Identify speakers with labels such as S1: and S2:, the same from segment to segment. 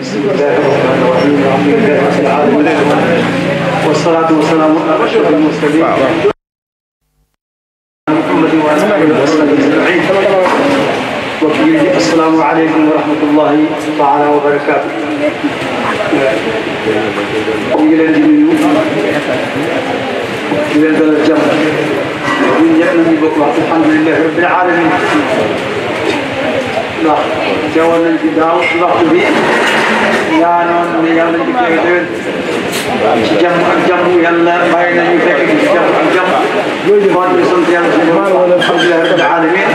S1: بسم الله الرحمن الرحيم الحمد لله رب العالمين والصلاة والسلام على أشرف المرسلين محمد وعلى آله وصحبه
S2: أجمعين وكيل السلام عليكم ورحمة الله تعالى وبركاته ñu leen di nuyu di leen dalal jàmm ñun ñëpp nañu bokk wax alhamdulilah rabbil alamin ndax teewoon nañ fi daaw waxtu bi ñaanoon ne yàlla nañ fi teew déwén ci jàmm ak jàmm yàlla bàyyi nañu fekk ci jàmm ak jàmm kon ñu sant yàlla si borom alhamdulilah rabbil alamin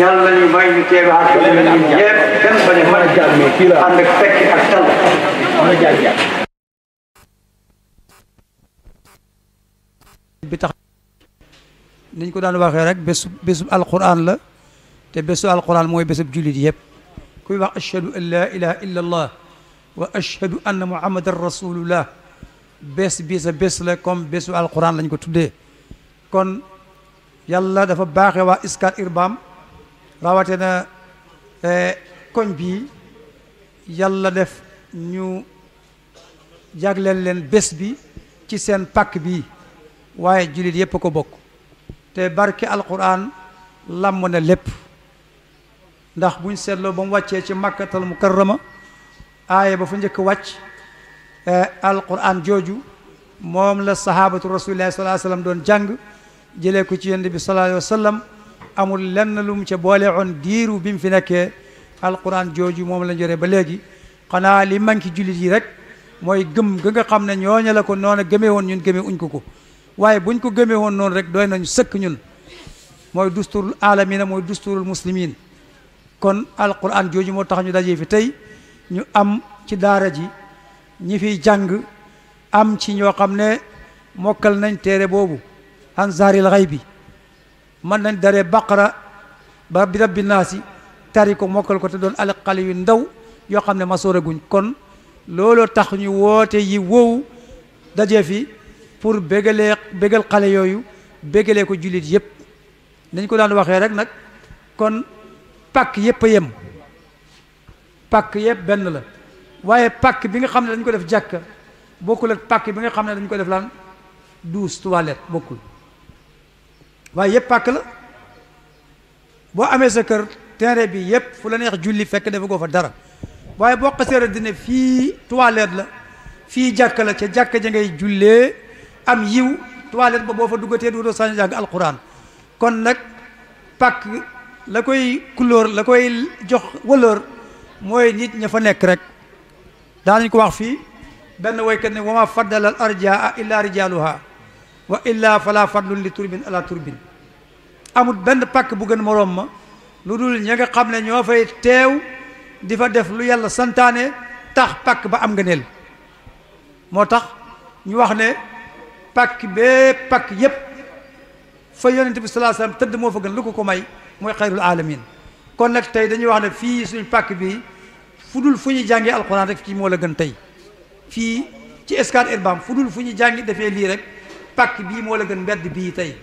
S2: yàlla nañu bàyyi ñu teew ak ñun ñëpp kenn bañ a mën a ànd ak fekk ak tal bi tax niñ ko daan waxee rek bés bésub alquran la te bésu alquran mooy bésub jullit yëpp kuy wax ashhadu an laa ilaha illa wa ashhadu anna muhammadan rasulullah bés bi sa bés la comme bésu alquran lañ ko tuddee kon yàlla defa baaxe waa Scat Urbam rawate na eh, koñ bi yàlla def ñu jagleel leen bés bi ci seen pak bi waaye jullit yépp ko bokk te barke alquran làmm na lépp ndax buñ seetloo ba mu wàccee ci màkkatal mukarrama aaye ba fu njëkk wàcc eh, alquran jooju moom la sahabatu rasulillahi sallallahu alayhi doon jàng jëlee ko ci yonent bi sallallahu alayhi wa amul lenn lu mu ca boole woon diiru bi mu fi nekkee alquran jooju moom la joree ba léegi xanaa li manki jullit yi rek mooy gëm ga nga xam ne ñooña la ko noona gëmee woon ñun gëmee uñ ko ko waaye buñ ko gëmee woon noonu rek doy nañu sëkk ñun mooy dusturul alamina mooy dusturul muslimin kon alquran jooju moo tax ñu dajee fi tey ñu am ci daara ji ñi fi jàng am ci ñoo xam ne mokkal nañ téere boobu ansaaril xay bi mën nañ dare baqara ba bi rabbi naasi tari ko mokkal ko te doon al yu ndaw yoo xam ne masooraguñ kon looloo tax ñu woote yi wow dajee fi pour bégalee xale yooyu bégalee ko jullit yépp dañ ko daan waxee rek nag kon pàkk yépp yem pàkk yépp benn la waaye pakk bi nga xam ne dañ ko def jàkka bokkul ak pàkk bi nga xam ne dañ ko def lan douche toilette bokkul waaye yépp pakk la boo amee sa kër terrain bi yépp fu la neex julli fekk def goo fa dara waaye boo xaseera dina fii toilette la fii jàkka la ca jàkka ja ngay jullee am yiw toilette ba boo fa duggatee dootoo sañ jàng alquran kon nag pakk la koy couleur la koy jox wëlër mooy nit ña fa nekk rek daanañ ko wax fii benn woykat ne wa ma faddala al arjaa illa rijaluha wa illa fala fadlun li turbin ala turbin amul benn pàkk bu gën moroom ma lu dul ña nga xam ne ñoo fay teew difa def lu yàlla santaane tax pàkk ba am nga neel moo tax ñu wax ne pàkk bee pàkk yépp fa yonent bi sallallahu tëdd moo fa gën lu ko ko may mooy xayrul alamin kon nag tey dañuy wax ne fii suñ pàkk bi fu dul fu ñu jàngee alxuraan rek ci moo la gën tey fii ci Scat Urbam fu dul fu ñu jàngi defee lii rek pàkk bii moo la gën mbedd bii tey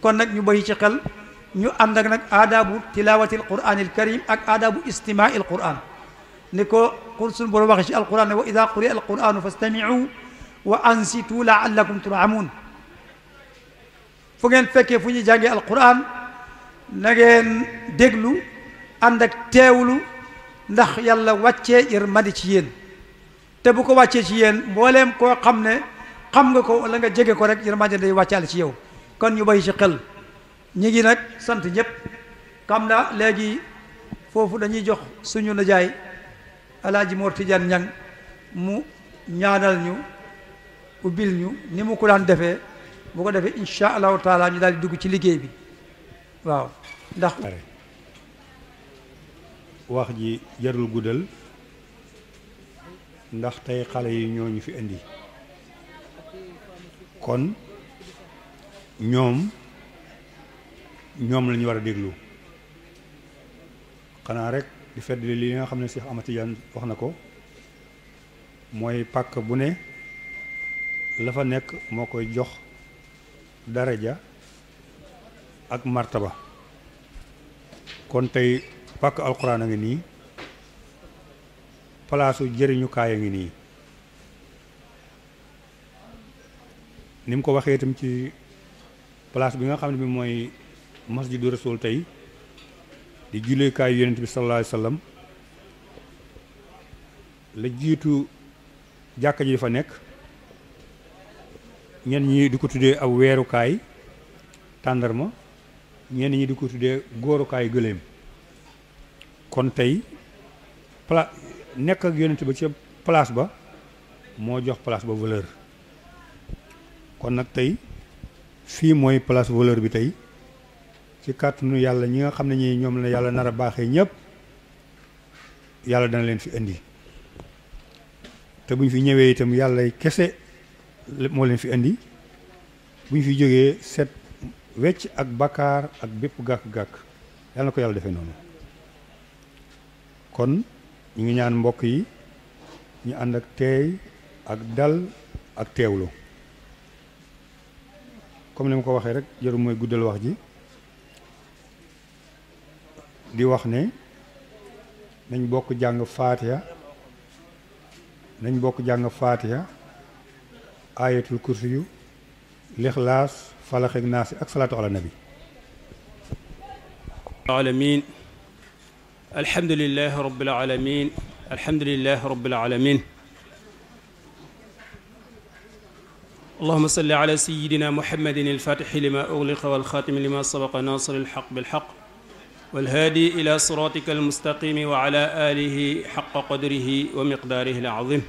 S2: kon nag ñu bàyyi ci xel ñu ànd ak nag aadabu tilawati alquran alkarim ak aadabu istimaa alquran ni ko xur suñ borom waxe ci alquran ne wa ida quri alquranu fastamiu wa ansitu laallakum turhamun fu ngeen fekkee fu ñuy jàngee alquran na ngeen déglu ànd ak teewlu ndax yàlla wàccee yërmande ci yéen te bu ko wàccee ci yéen mbooleem koo xam ne xam nga ko wala nga jege ko rek yërmande day wàccaale ci yow kon ñu bàyyi ci xel ñi nag sant ñëpp xam na léegi foofu dañuy jox suñu najaay alaaji Mor Tidiane Niang mu ñaanal ñu ubbil ñu ni mu ko daan defe bu ko defee incha allahu taala ñu daal dugg ci liggéey bi waaw ndax
S3: wax ji jarul guddal ndax tey xale yi ñoo ñu fi indi kon ñoom ñoom la ñu war a déglu xanaa rek di fedd li nga xam ne Cheikh Ahmad wax na ko mooy pàkk bu ne la fa nekk moo koy jox ja ak martaba kon tey pàkk alxuraan a ngi nii palaasu jëriñukaay a ngi nii ni mu ko waxee itam ci place bi nga xam ne bi mooy masjidu rasul tey di julleekaayu yonent bi sallallahu alayhi wa la jiitu jàkka ji fa nekk ñen ñi di ko tuddee ab weerukaay tàndarma ñenn ñi di ko tuddee góorukaayu gëléem kon tey pla nekk ak yonent ba ca place ba moo jox place ba valeur kon nag tey fii mooy place valeur bi tey ci kàttanu yàlla ñi nga xam ne ñi ñoom la yàlla nar a baaxee ñëpp yàlla dana leen fi indi te bu ñu fi ñëwee itam yàlla kese moo leen fi indi bu ñu fi jógee set wecc ak bakkaar ak bépp gàkk-gàkk yàlla na ko yàlla defee noonu kon ñu ngi ñaan mbokk yi ñu ànd ak teey ak dal ak teewlu comme ni ma ko waxee rek jëru mooy guddal wax ji di wax ne nañ bokk jàng faatiha nañ bokk jàng faatiha ayatul kursi yu falax ak naas ak salaatu ala nabi
S4: alamin alhamdulilahi rabbil alamin alhamdulilahi rabbil alamin اللهم صل على سيدنا محمد الفاتح لما أغلق والخاتم لما سبق ناصر الحق بالحق والهادي إلى صراطك المستقيم وعلى آله حق قدره ومقداره العظيم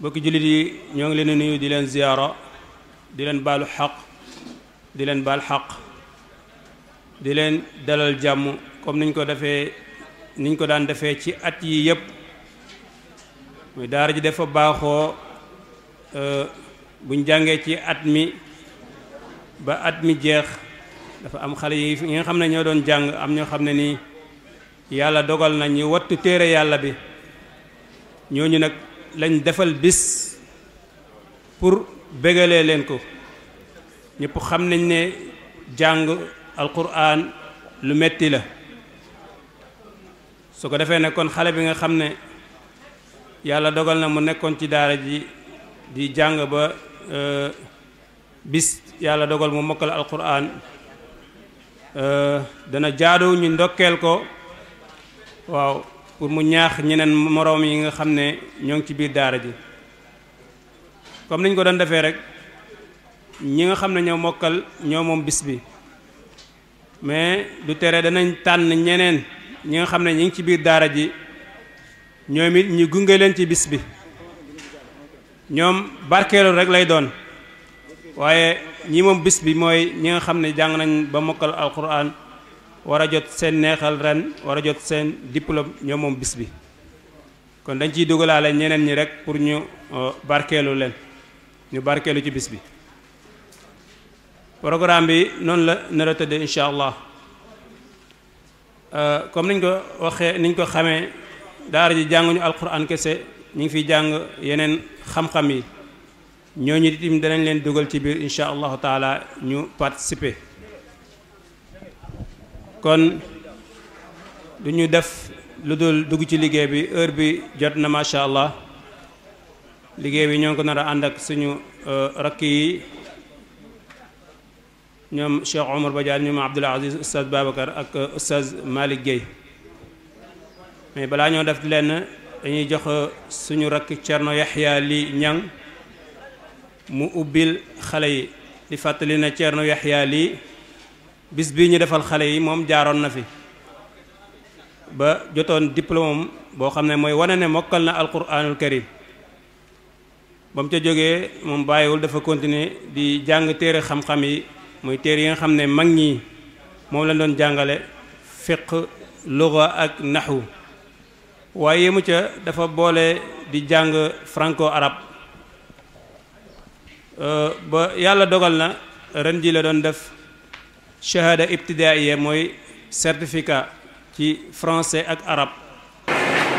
S4: bokki jullit yi ñoo ngi leen nuyu di leen ziyaara di leen baalu xaq di leen baal xaq di leen dalal jàmm comme niñ ko defee niñ ko daan defee ci at yi yépp muy daara ji dafa baaxoo euh, buñ jàngee ci at mi ba at mi jeex dafa am xale yi fi nga xam ne ñoo doon jàng am ñoo xam ne nii yàlla dogal na ñu wattu téere yàlla bi ñooñu nag lañ defal bis pour bégalee leen ko ñépp xam nañ ne jàng alquran lu metti la su ko defee ne kon xale bi nga xam ne yàlla dogal na mu nekkoon ci daara ji di jàng ba euh, bis yàlla dogal mu mokkal alquran euh, dana jaadu ñu ndokkeel ko waaw pour mu ñaax ñeneen moroom yi nga xam ne ñoo ngi ci biir daara ji comme niñ ko doon defee rek ñi nga xam ne ñoo mokkal ñoo moom bis bi mais du tere danañ tànn ñeneen ñi nga xam ne ñi ngi ci biir daara ji ñoom it ñu gunge leen ci bis bi ñoom barkeelu rek lay doon waaye ñii moom bis bi mooy ñi nga xam ne jàng nañ ba mokkal alquran war a jot seen neexal ren war a jot seen diplôme ñoom moom bis bi kon dañ ciy dugalaale ñeneen ñi rek pour ñu euh, barkeelu leen ñu barkeelu ci bis bi programme bi noonu la nar a tëddee incha allah euh, comme niñ ko waxee niñ ko xamee daara ji jànguñu alquran kese ñu ngi fiy jàng yeneen xam-xam yi ñooñu itam danañ leen dugal ci biir incha allahu taala ñu participer kon du ñu def lu dul dugg ci liggéey bi heure bi jot na macha allah. liggéey bi ñoo ko nar a ànd ak suñu euh, rakk yi ñoom Cheikh Omar Badiane ñoom Abdoul Aziz Oustaz Babacar ak euh, Oustaz Malick Gueye mais balaa ñoo def lenn dañuy jox euh, suñu rakk Thierno Yahya Ly Niang mu ubbil xale yi di fàttali na Thierno Yahya Ly bis bii ñu defal xale yi moom jaaroon na fi ba jotoon diplôme boo xam ne mooy wane ne mokkal na alquranul karim ba mu ca jógee moom bàyyiwul dafa continuer di jàng téere xam-xam yi muy téere yi nga xam ne mag ñi moom lañ doon jàngale fiq luga ak naxu waaye yemu ca dafa boole di jàng franco arabe euh, ba yàlla dogal na ren ji la doon def shahada ibtidaaiya mooy certificat ci français ak arab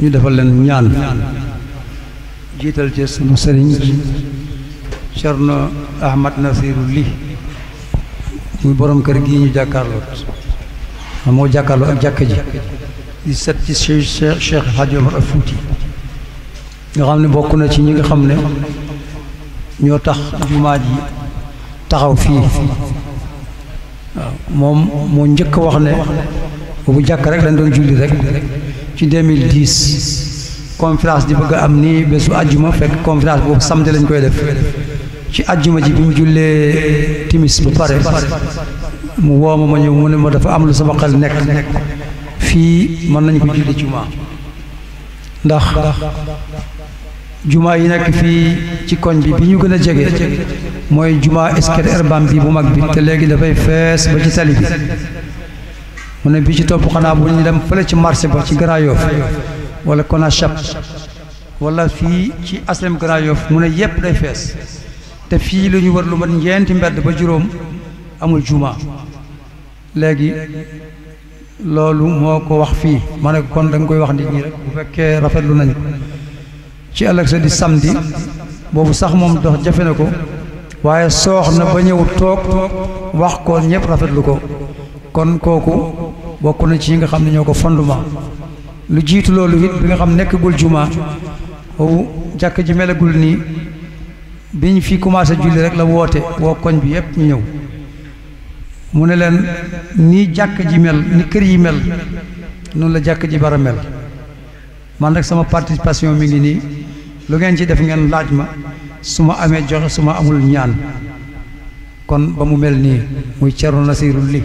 S2: ñu defal leen ñaan jiital ci sunu sëriñ Cerno Ahmad Nasiru li muy borom kër gi ñu jàkkaarloo amoo jàkkaarloo ak jàkka ji di set ci Cheikh Cheikh Hadj Omar al xam ne bokk na ci ñi nga xam ne ñoo tax jumaa ji taxaw fii moom moo njëkk wax ne boobu jàkk rek dañ doon julli rek ci 2010 conférence di bëgg a am nii bésu àjjuma fekk conférence boobu samedi lañu koy def ci àjjuma ji bi mu jullee timis bu pare mu woo ma ma ñëw mu ne ma dafa am lu sama xel nekk fii mën nañ ko julli juma ndax juma yi nekk fii ci koñ bi bi ñu gën a jege mooy jumaa Scat Urbam bi bu mag bi te léegi dafay fees ba ci tali bi mu ne bi ci topp xanaa bu ñu dem fële ci marché ba ci Grand Yoff wala Konachap walla fii ci aslem Grand Yoff mu ne yëpp day fees te fii lu ñuy war lu mat ñeenti mbedd ba juróom amul jumaa léegi loolu moo ko wax fii ma ne kon da koy wax nit ñi rek bu fekkee rafetlu nañu ko ci ëllëg di samedi boobu sax moom dox jafe na ko waaye soox na ba ñëw toog wax ko ñëpp rafetlu ko kon kooku bokk na ci ñi nga xam ne ñoo ko fondement lu jiitu loolu it bi nga xam nekkagul juma boobu jàkk ji melagul nii biñ fi commencé julli rek la woote woo koñ bi yëpp ñëw mu ne leen nii jàkk ji mel ni kër yi mel noonu la jàkk ji bara mel man nag sama participation mi ngi nii lu ngeen ci def ngeen laaj ma su ma amee joxe su ma amul ñaan kon ba mu mel nii muy Thierno Nasirou li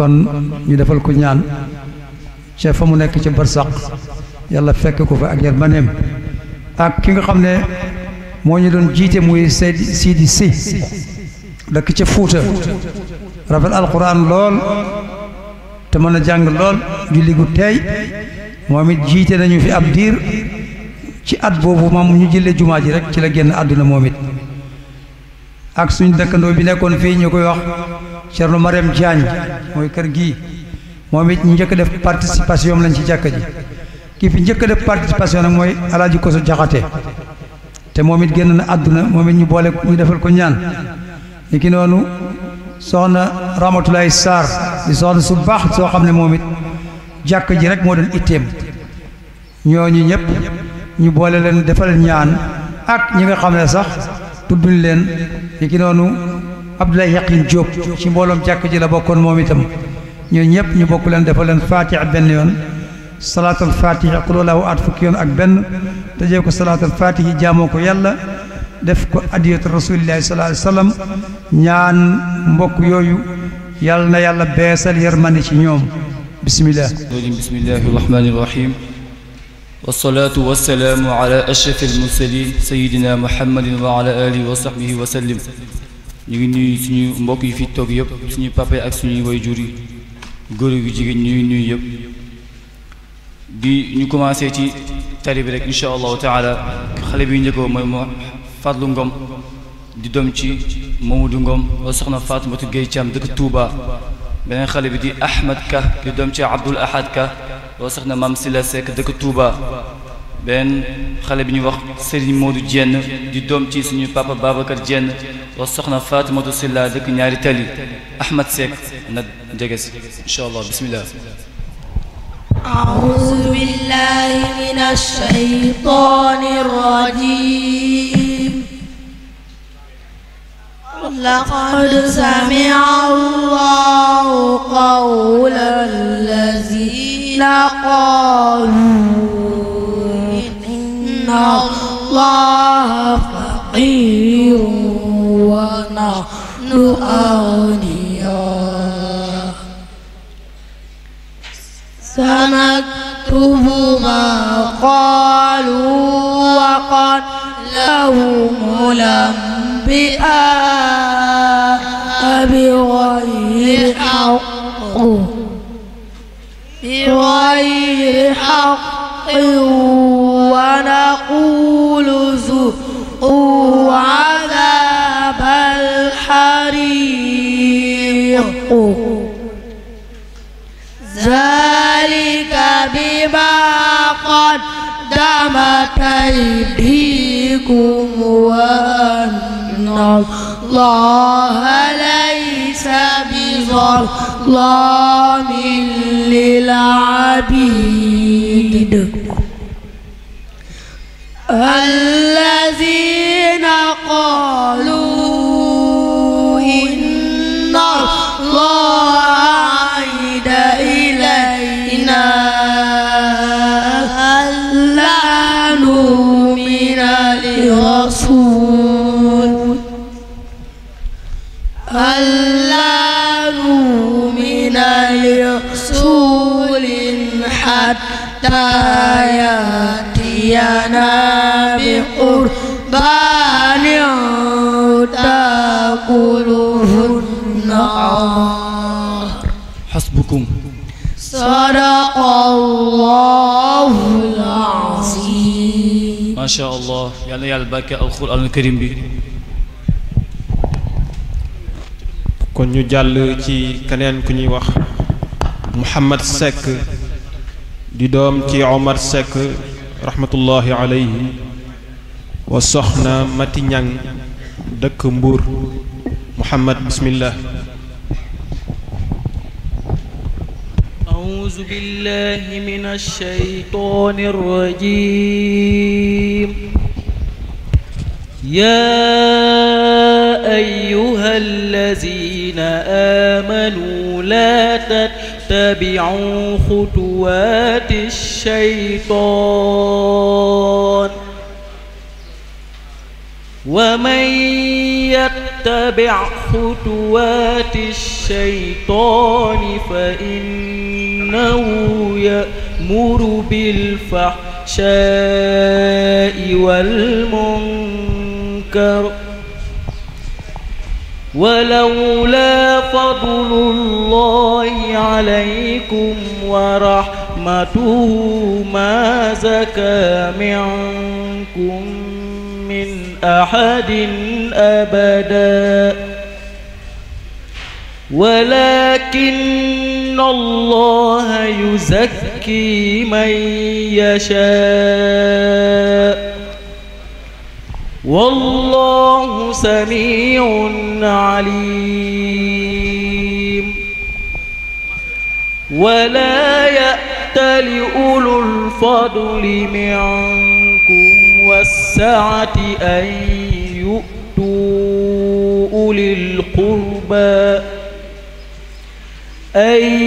S2: kon ñu defal ko ñaan ca fa mu nekk ci barsaq yàlla fekk ko fa ak yërmandeem ak ki nga xam ne moo ñu doon jiite muy Seydi Sidi Si dëkk ca Fuuta rafet alquran lool te mën a jàng lool julli gu teey moom it jiite nañu fi ab diir ci at boobu moom ñu jëlee jumaa ji rek ci la génn àdduna moom it ak suñ dëkkandoo bi nekkoon fii ñu koy wax Cerno Mariam Diagne mooy kër gii moom it njëkk def participation lañ ci jàkk ji kii fi njëkk def participation nag mooy alaaji Koso Jaxate te moom it génn na àdduna moom it ñu boole ñu defal ko ñaan li ki noonu soxna Ramatulaay Sarr di soxna su baax soo xam ne moom it jàkk ji rek moo doon itteem ñooñu ñëpp ñu boole leen defal ñaan ak ñi nga xam ne sax tudduñ leen li ki noonu Abdoulaye Yaqin Diop ci mbooloom jàkk ji la bokkoon moom itam ñoo ñëpp ñu bokk leen defal leen faatiha benn yoon salaatal faatiha qul huwallahu ahad fukki yoon ak benn tëjee ko salaatal faatiha jaamoo ko yàlla def ko adiyatu rasulillahi sallallahu alayhi wasallam ñaan mbokk yooyu yàlla na yàlla beesal yërmande ci ñoom bismillah
S5: bismillahi rahmani rahim wasalaatu wasalaamu ala ashraf almursalin sayidina muhammadin wa ala alihi wa sahbihi wa sallim ñu ngi nuyu suñu mbokk yi fi toog yëpp suñu papa ak suñuy waajur yi góor yu jigéen ñu ngi nuyu yëpp di ñu commencé ci tari bi rek incha allahu taala xale bi njëkkoo mooy mo Fadlu Ngom di doom ci Mamadou Ngom ngoom soxna Faatumatu Gay Caam dëkk Touba beneen xale bi di Ahmad Ka di doom ci Abdul Ahad Ka wala soxna Maam Sila Seck dëkk Touba benn xale bi ñu wax Serigne Modou Dieng di doom ci suñu papa Babacar Dieng wa soxna Fatimatu Silla dëkk ñaari tali Ahmad Seck na jege si incha allah bismillah
S6: أعوذ بالله من الشيطان الرجيم لقد سمع الله قول الذين قالوا إن الله فقير ونحن أغنياء سنكتب ما قالوا وقتلهم الأنبياء بغير حق بغير حق ونقول ذوقوا عذاب الحريق ذلك بما قدمت أيديكم وأن الله ليس بظلام للعبيد الذين قالوا إن الله عهد إلينا ألا نؤمن لرسول ألا نؤمن لرسول حتى يأتي أحيانا بقربان تأكله النار حسبكم صدق الله العظيم
S5: ما شاء الله yàlla yàlla barke alxuraan alkarim bi
S6: kon
S7: ñu jàll ci keneen ku ñuy wax Mouhamed Seck di doom ci Omar Seck rahmatullahi alayhi wa soxna Mati Ñang dëkk Mbuur Muhammad bismillah
S8: أعوذ بالله من الشيطان الرجيم يا أيها الذين آمنوا لا تتبعوا خطوات الشيطان الشيطان ومن يتبع خطوات الشيطان فإنه يأمر بالفحشاء والمنكر ولولا فضل الله عليكم ورحمته رحمته ما زكى منكم من أحد أبدا ولكن الله يزكي من يشاء والله سميع عليم ولا يأ يأتل أولو الفضل منكم والسعة أن يؤتوا أولي القربى أن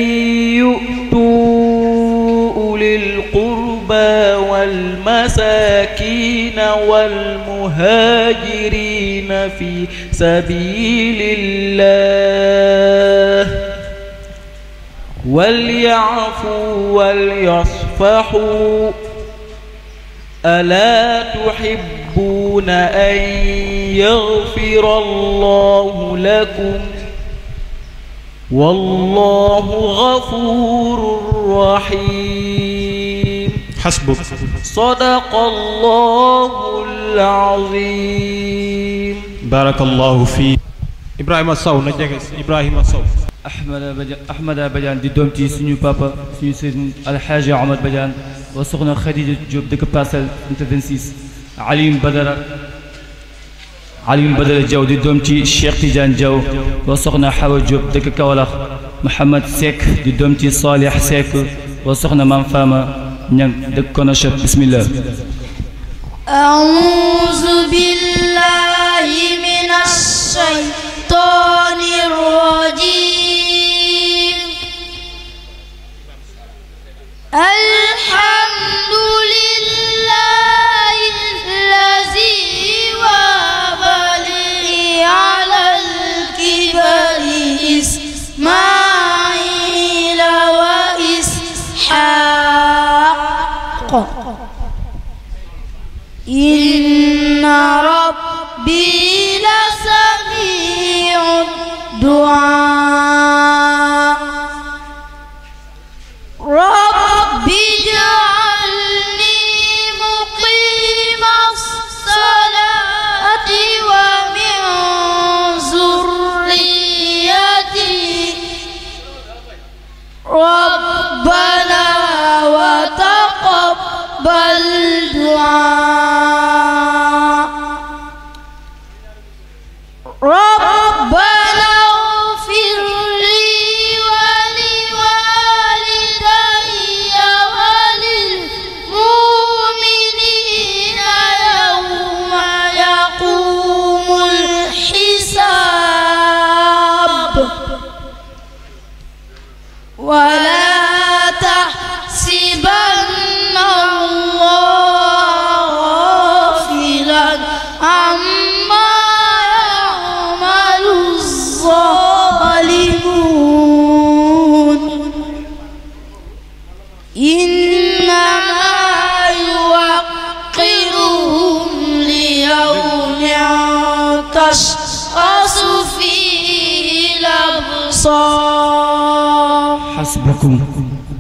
S8: يؤتوا أولي القربى والمساكين والمهاجرين في سبيل الله وليعفوا وليصفحوا ألا تحبون أن يغفر الله لكم والله غفور رحيم حسبك صدق الله العظيم
S5: بارك الله فيك إبراهيم الصو نجح إبراهيم الصو Ahmada Badiane Ahmada Badiane di doom ci suñu papa suñu sëriñ Alxaaji Ahmad Badiane wa soxna Khadija Diop dëkk Parcelles Unité 26 Alioune Badara Alioune Badara Diaw di doom ci Cheikh Tidiane Diaw wa soxna Hawa Diop dëkk Kaolack Mouhamad Seck di doom ci Salih Seck wa soxna Mame Fama Niang dëkk Konachep bismillah
S6: أعوذ بالله من الشيطان الشيطان الرجيم الحمد لله الذي وابني على الكبر إسماعيل وإسحاق إن رب ربي لسميع الدعاء ربي اجعلني مقيم الصلاة ومن ذريتي ربنا وتقبل دعاء Rob الأبصار
S1: حسبكم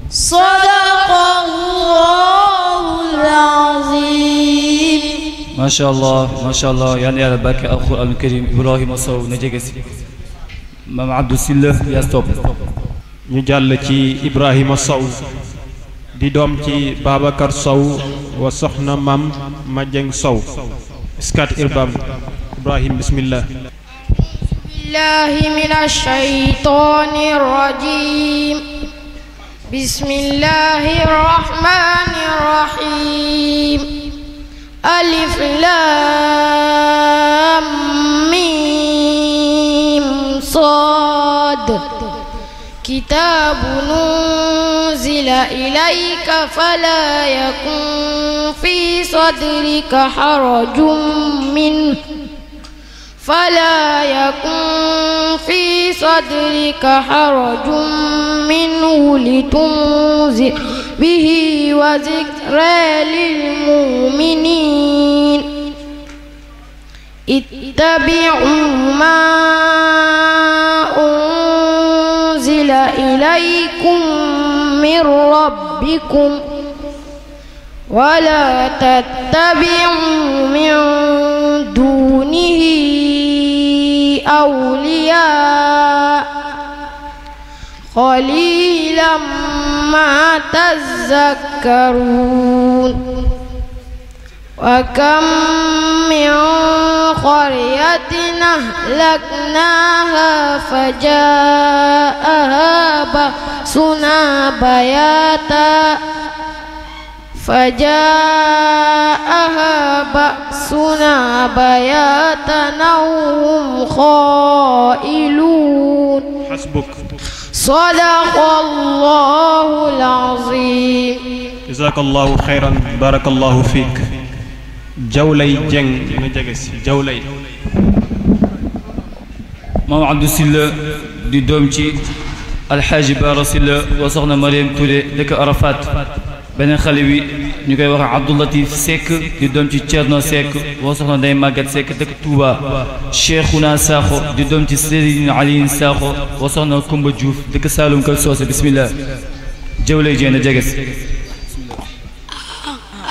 S6: صدق الله العظيم
S5: ما شاء الله ما شاء الله يعني يا ربك القرآن الكريم إبراهيم وصو نجيكسي maam Abdou Sylla Yaas Top ñu jàll ci Ibrahima Sow di
S7: doom ci Babacar Sow wa soxna mam Majeng Sow iskat irbam Ibrahim bismillah
S6: بالله من الشيطان الرجيم بسم الله الرحمن الرحيم ألف لام ميم صاد كتاب ننزل إليك فلا يكن في صدرك حرج منه فلا يكن في صدرك حرج منه لتنذر به وذكرى للمؤمنين اتبعوا ما أنزل إليكم من ربكم ولا تتبعوا من دونه أولياء قليلا ما تذكرون وكم من قرية أهلكناها فجاءها بأسنا بياتا فجاءها بأسنا بياتا وهم قائلون حسبك صدق الله العظيم
S7: جزاك الله خيرا بارك الله فيك جولي جن
S5: جولي maam Abdou Sylla di doom ci alxaaji Baara Sylla wa soxna Mariam Touré dëkk Arafat beneen xale bi ñu koy wax Abdou Latif Seck di doom ci Thierno Seck woo soxna day màggat Seck dëkk Touba Cheikhouna Sakho di doom ci Serigne Alioune Sakho woo soxna Koumba Diouf dëkk Saloum Kër Soose bismillah
S1: jëwlay jéen a jeges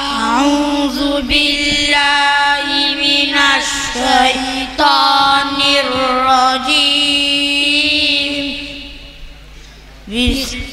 S6: أعوذ بالله من الشيطان الرجيم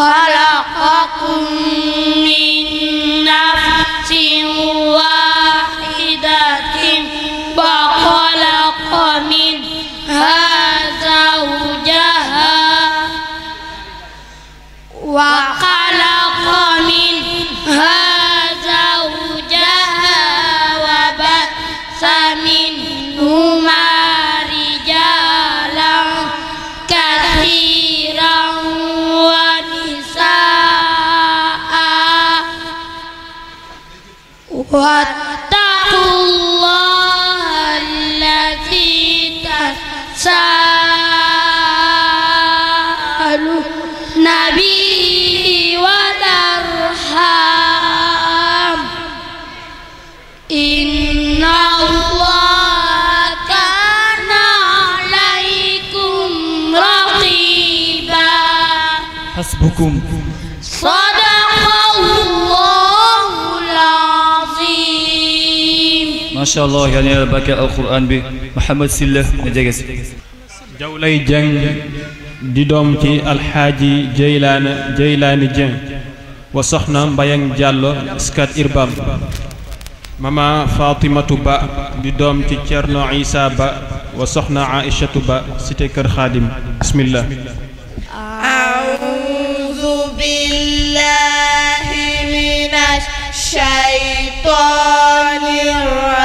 S6: خلق
S1: أنفسكم صدق
S6: الله العظيم
S5: macha allah yal na yàlla barkeel alquran bi Mouhamed Sylla na jege si jaw di doom ci alxaaji jaylaana jaylaani jëng
S7: wa soxna mbayang jàllo skat irbam mama fatimatu ba di doom ci cerno isa ba wa soxna aïchatu ba cité xaadim bismillah
S6: الشيطان الرجيم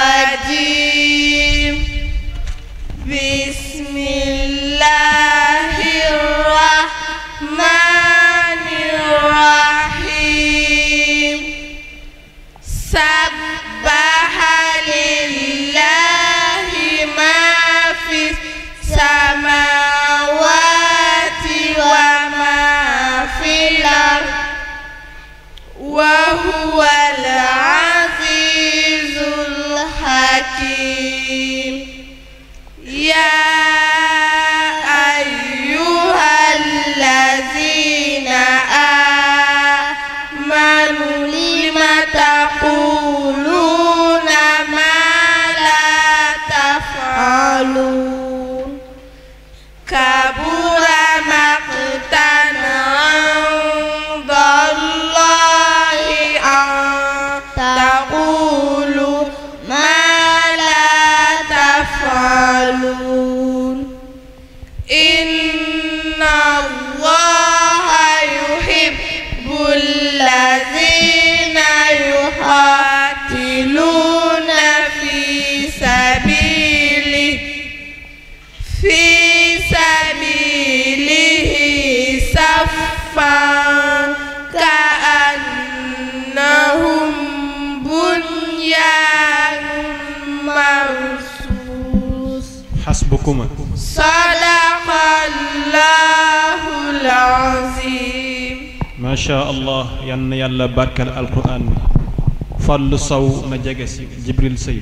S7: macha allah yan na yàlla barkeel alquran bi fàllu saw jege si jibril sëy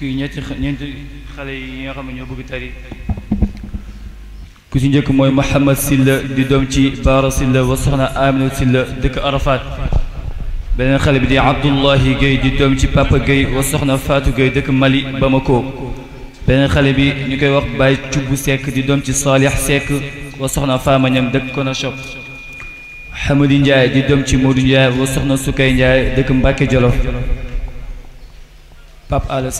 S5: yi ñetti ñeenti yi nga xam ne ku ci njëkk mooy Mouhamed Silla di doom ci Baara Silla wa soxna Amina Silla dëkk Arafat beneen xale bi di Abdullahi Guèye di doom ci Papa Guèye wa soxna Fatou Guèye dëkk Mali Bamako beneen xale bi ñu koy wax Baye Cubb Seck di doom ci Salih Seck wa soxna Fama Niang dëkk Konashop Hamadi Ndiaye di doom ci Modou Ndiaye wa soxna Soukay Ndiaye dëkk Mbacke Jolof Pape Alla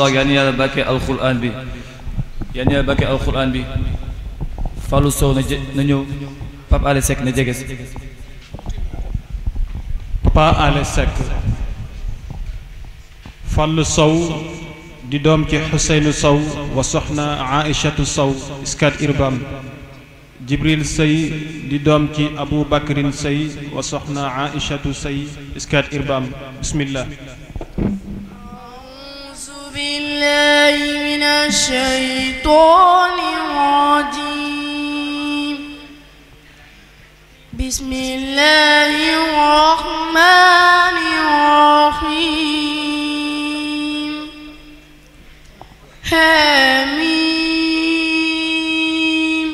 S5: allah yal na yàlla bàkkee alquran Sow na na ñëw Pape Alé
S7: Sow di doom ci Xuseynu Sow wa soxna Aïchatu Sow Scat Urbam Jibril Sey di doom ci Abu Bakrin Sey wa soxna Aïchatu Sey Scat Urbam bismillah
S6: بالله من الشيطان الرجيم بسم الله الرحمن الرحيم حميم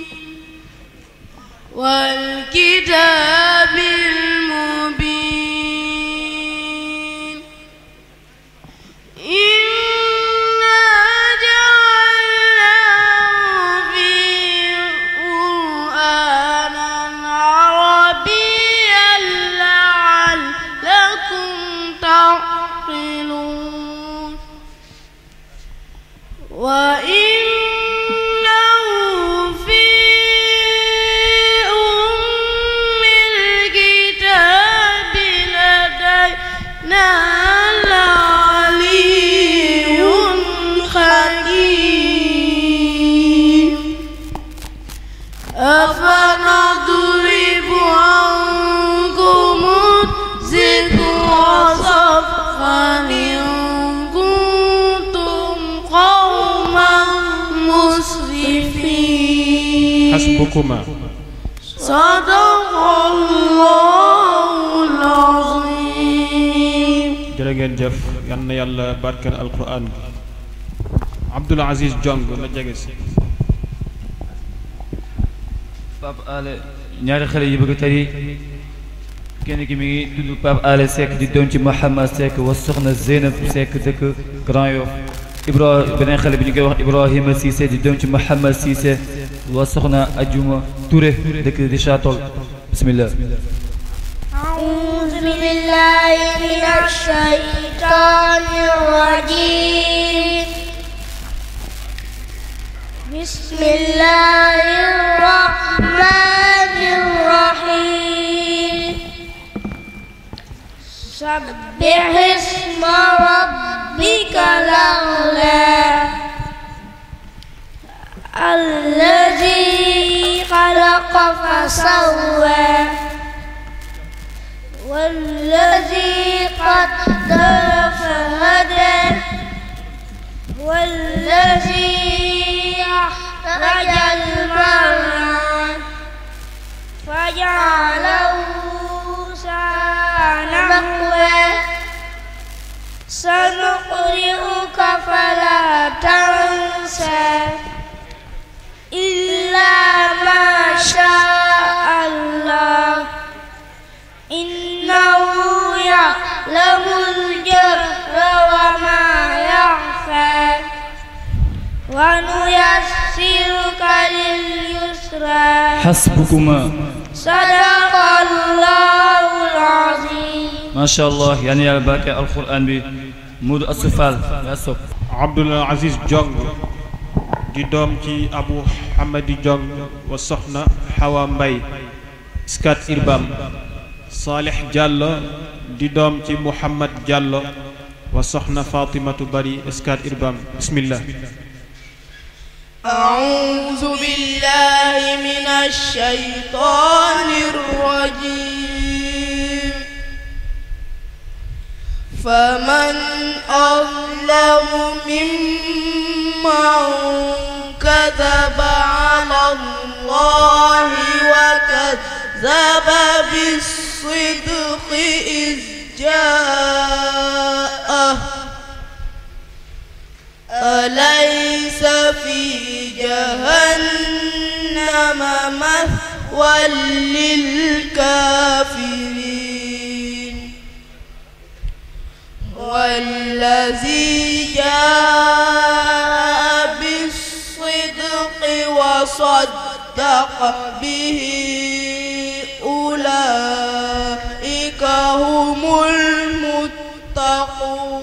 S6: والكتاب ربكما صدق الله العظيم
S7: jërë ngeen jëf yal na yàlla barkeel alquran bi Abdoul Aziz Diong la jege si
S5: Pape Alé ñaari xale yi bëgg tari kenn ki mi ngi tudd Pape Alé di doom ci Mouhamad Seck wa soxna Zeynab Seck dëkk Grand Yoff xale bi ñu koy wax Ibrahima Cissé di doon ci Mouhamad Cissé wa soxna Ajuma Touré dëkk di Chatol bismillah
S6: أعوذ بالله من الشيطان الرجيم بسم الله الرحمن الرحيم سبح اسم ربك الأعلى الذي خلق فسوى والذي قدر فهدى والذي أخرج المرعى
S1: فجعله
S6: سعى
S1: مقوى
S6: سنقرئك فلا تنسى إلا ما شاء الله إنه يعلم الجهر وما يعفى ونيسرك لليسرى
S5: حسبكما
S6: صدق الله العظيم
S5: ما شاء الله يعني يا باكي القرآن بي مود السفال يا سب عبد العزيز جونغ di doom ci
S7: abu hamadi jong wa soxna xawa mbay skat irbam saalix jàllo di doom ci muhammad jàllo wa soxna fatimatu bari skat irbam bismillah
S6: أعوذ بالله من الشيطان الرجيم فمن أظلم ممن من كذب على الله وكذب بالصدق إذ جاءه أليس في جهنم مثوى للكافرين والذي جاء وصدق به أولئك هم المتقون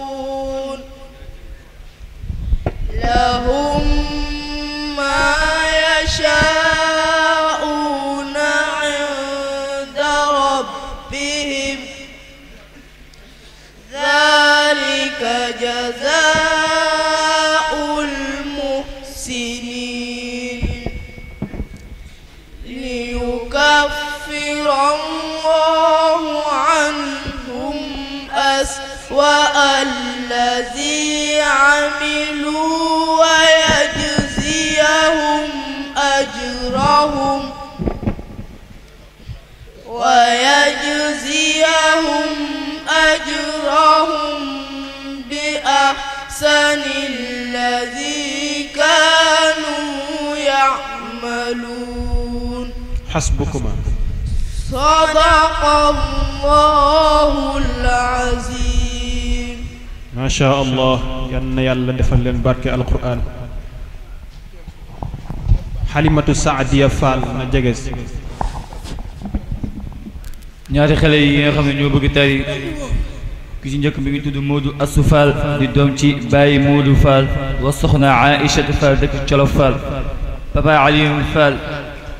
S6: عملوا ويجزيهم أجرهم ويجزيهم أجرهم بأحسن الذي كانوا يعملون حسبكما صدق الله العظيم
S7: ما شاء الله yal na yàlla defal leen barke alquran
S5: xalimatu ñaari xale yi nga njëkk mi ngi tudd Modou Assou Fall di doom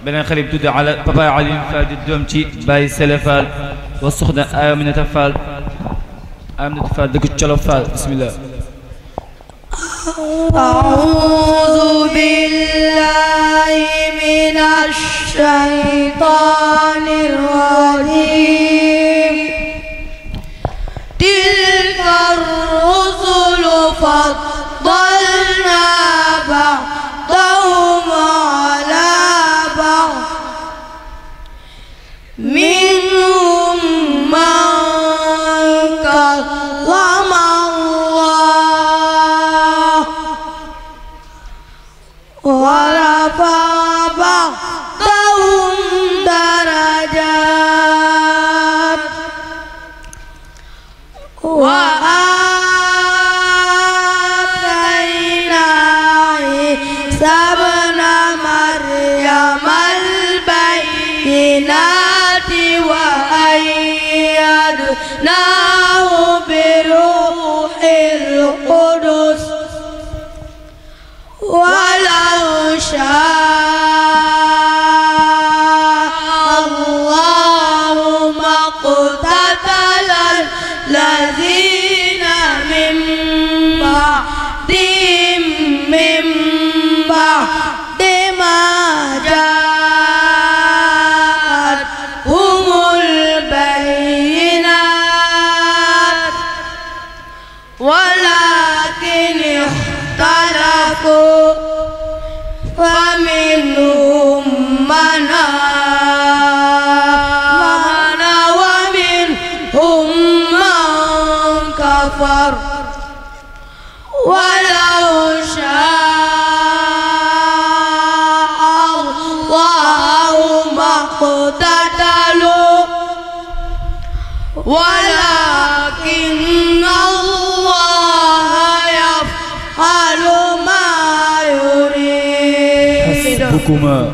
S5: beneen xale tudd ala papa Alioune Fall di doom ci Baye Sele Fall wa bismillah
S6: أعوذ بالله من الشيطان الرجيم تلك الرسل فضلنا بعض ولو شاء الله ما اقتتل الذين من بعدهم من بعد أجوركما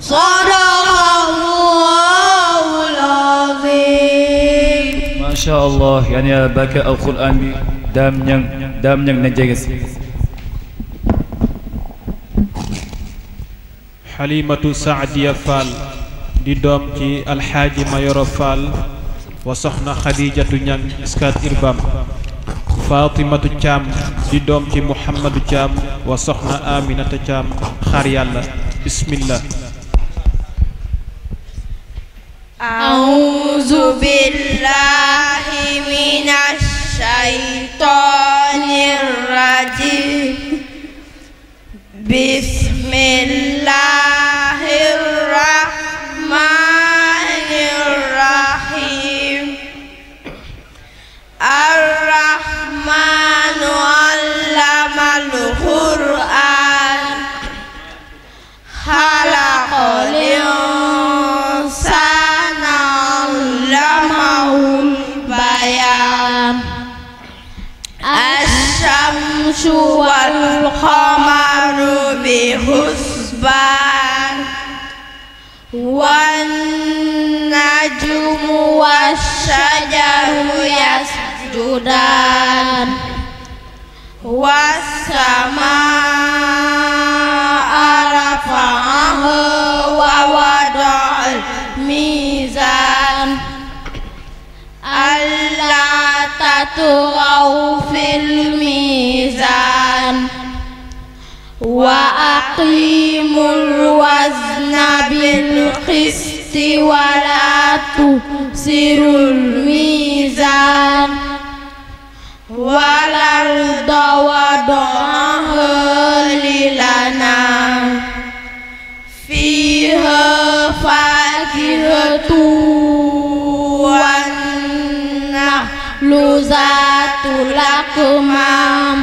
S6: صدق الله العظيم
S5: ما شاء الله يعني يا باكا القرآن بي دام نيان دام نيان نجيس
S7: xalimatu saadiya fall di doom ci alxaaji mayoro fall wa soxna xadijatu ñang iskat irbam fatimatu caam di doom ci muhammadu caam wa soxna aminata caam xaar yàlla bismillah
S1: أعوذ
S6: بالله من الشيطان الرجيم بسم الله والقمر بحسبان والنجم والشجر يسجدان والسماء رفعها ووضع الميزان ألا تطغوا في الميزان وأقيموا الوزن بالقسط ولا تبصروا الميزان والأرض وضعها للأنام فيها فاكهة والنخل ذات الأكمام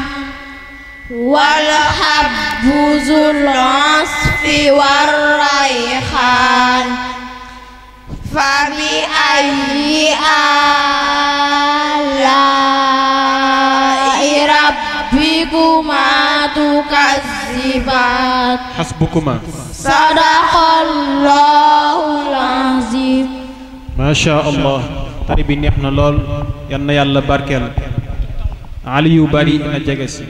S6: والحب ذو العصف والريحان فبأي آلاء ربكما تكذبان
S7: حسبكما
S1: صدق الله العظيم
S7: ما شاء الله tari bi neex na lool yal na yàlla barkeel
S1: ali yu bari na jege si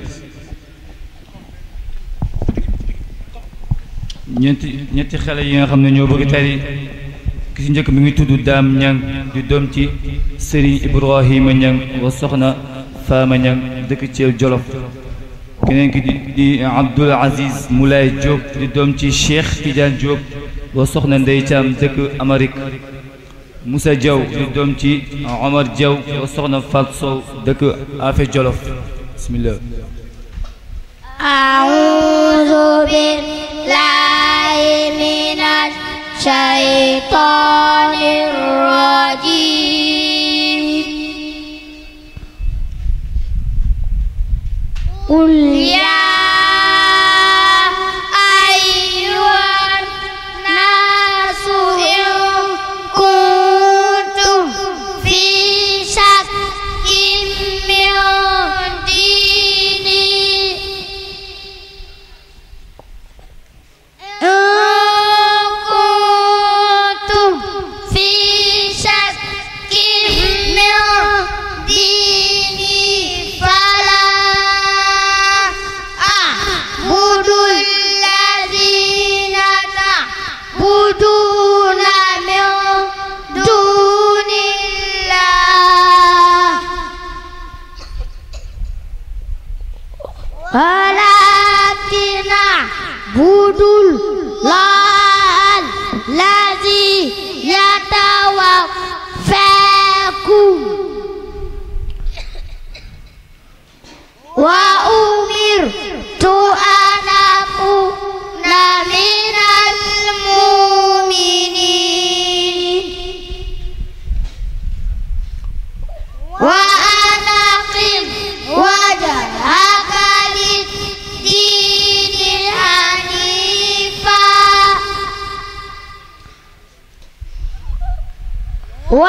S5: ñeenti ñetti xale yi nga xam ne ñoo bëgg tari ki ci njëkk mi ngi tudd Daam Ñang di doom ci Serigne Ibrahima Ñang wa soxna Faama Ñang dëkk Thiel Jolof keneen ki di di Abdoul Aziz Moulay Diop di doom ci Cheikh Tidiane Diop wa soxna Ndey Caam dëkk Amérique Moussa Diaw di doom ci Omar Diaw wa soxna Fat Sow dëkk Afe Jolof
S6: من الشيطان الرجيم قل يا الله الذي يتوفاكم وأمرت أن macha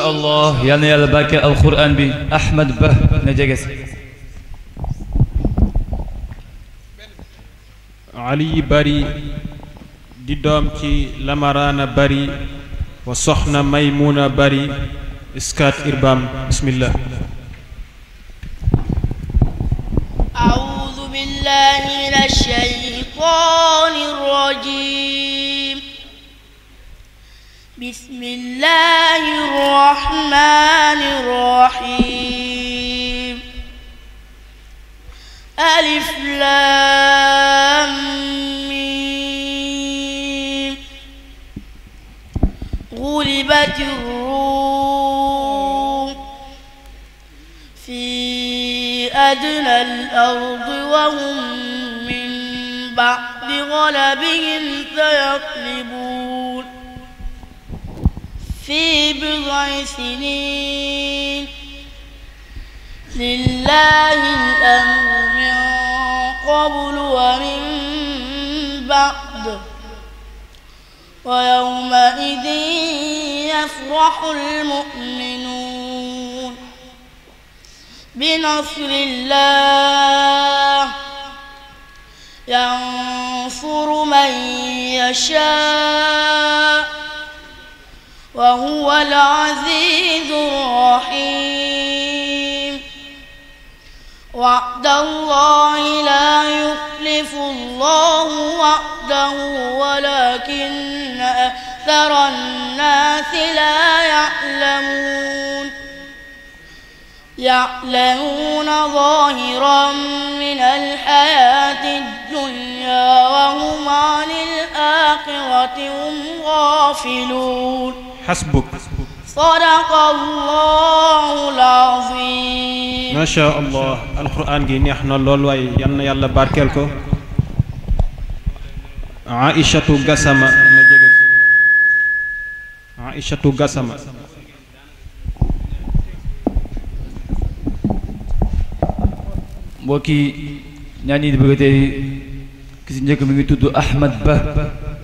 S5: allah yal na yàlla barke alquran bi Ahmed Ba na jege si.
S7: Ali Bari di doom ci Lamarana Bari. wa soxna Maymuna Bari Scat Irbam bismillah
S6: أعوذ بالله من الشيطان الرجيم بسم الله الرحمن الرحيم ألف لام المجروح في أدنى الأرض وهم من بعد غلبهم سيغلبون في بضع سنين لله الأمر من قبل ومن بعد ويومئذ يفرح المؤمنون بنصر الله ينصر من يشاء وهو العزيز الرحيم وعد الله لا يخلف الله وعده ولكن أكثر الناس لا يعلمون يعلمون ظاهرا من الحياة الدنيا وهم عن الآخرة هم غافلون حسبك صدق الله العظيم ما
S7: شاء الله القرآن gi neex na lool waaye yal na yàlla barkeel ko Aïchatu Gassama
S5: Aïchatou Gassama mbokki ñaan yi di bëgg tey ki njëkk mi ngi tudd Ahmad Ba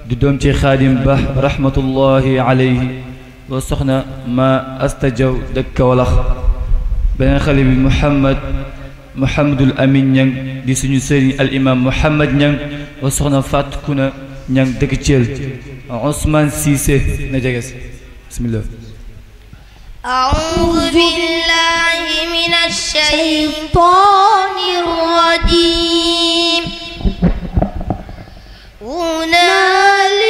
S5: di doom ci Xaadim Ba rahmatullahi alayhi wa soxna ma Asta Diaw dëkk Kawlax beneen xale bi Mouhamed Mouhamedul Amin Niang di suñu sëriñ al imam Mouhamed Niang wa soxna Kuna ñang dëkk Thiel Ousmane Cissé na jege si bismillah
S6: أعوذ بالله من الشيطان الرجيم هنالك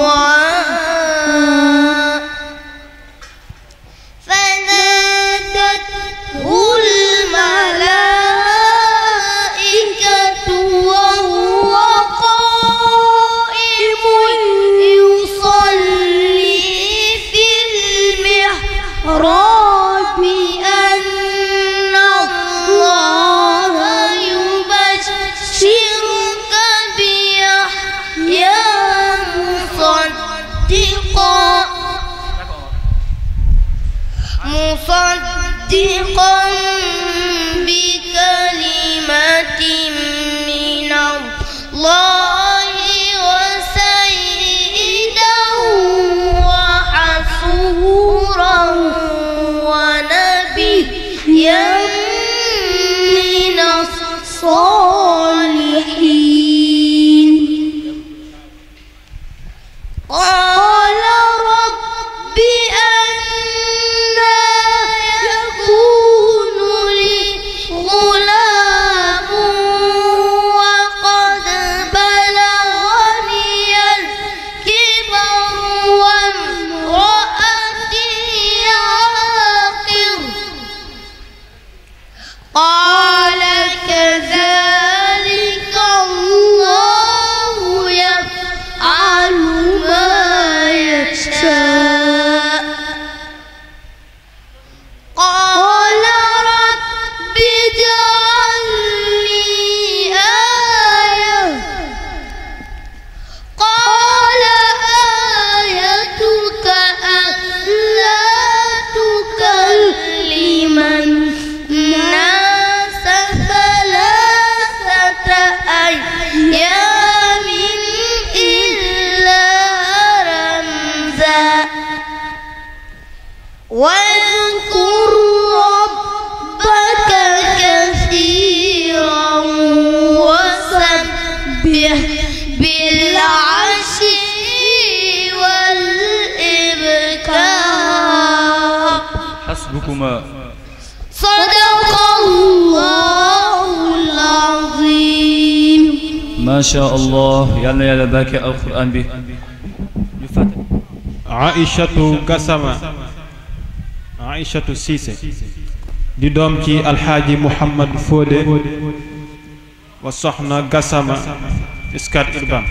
S6: الله خلقا
S5: yàlla na yàlla barke alquran bi
S3: ñu ci alxaaji muhammad fóode
S7: wa soxna gasama iskat irbam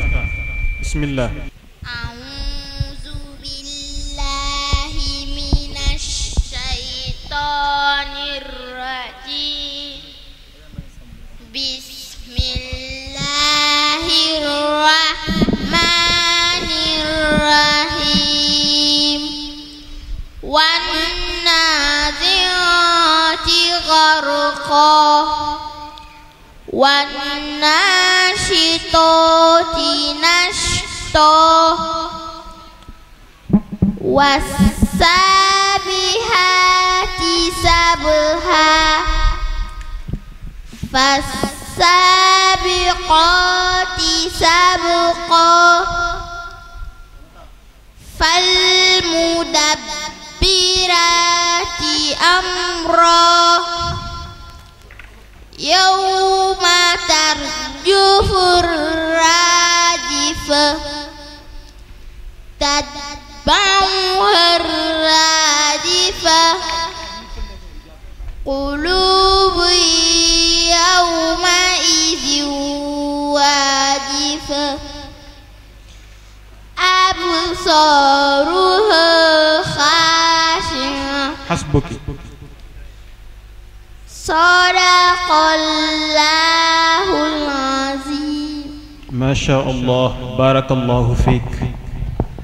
S7: incha allah barakallahu fiik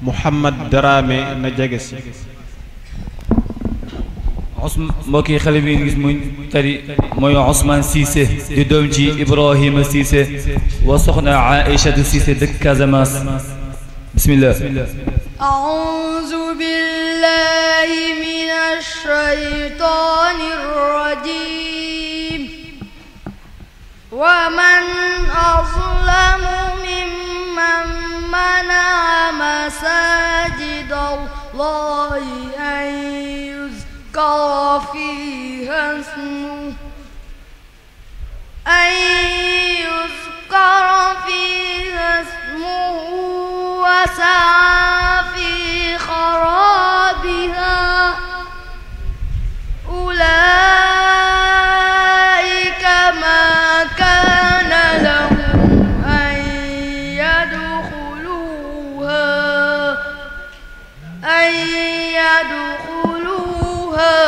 S7: Mouhamad Dramé na jege si. Ousmane
S5: mbokk yi xale bi gis mu tari mooy Ousmane Cissé di doom ci Ibrahima Cissé wa soxna Aïchatu Cissé dëkk Casamance bismillah.
S6: A'uuzu billahi minash shaytaanir rajiim. Wa man azlamu من منع مساجد الله أن يذكر فيها اسمه أن يذكر فيها اسمه وسعى في خرابها أولئك ادخلوها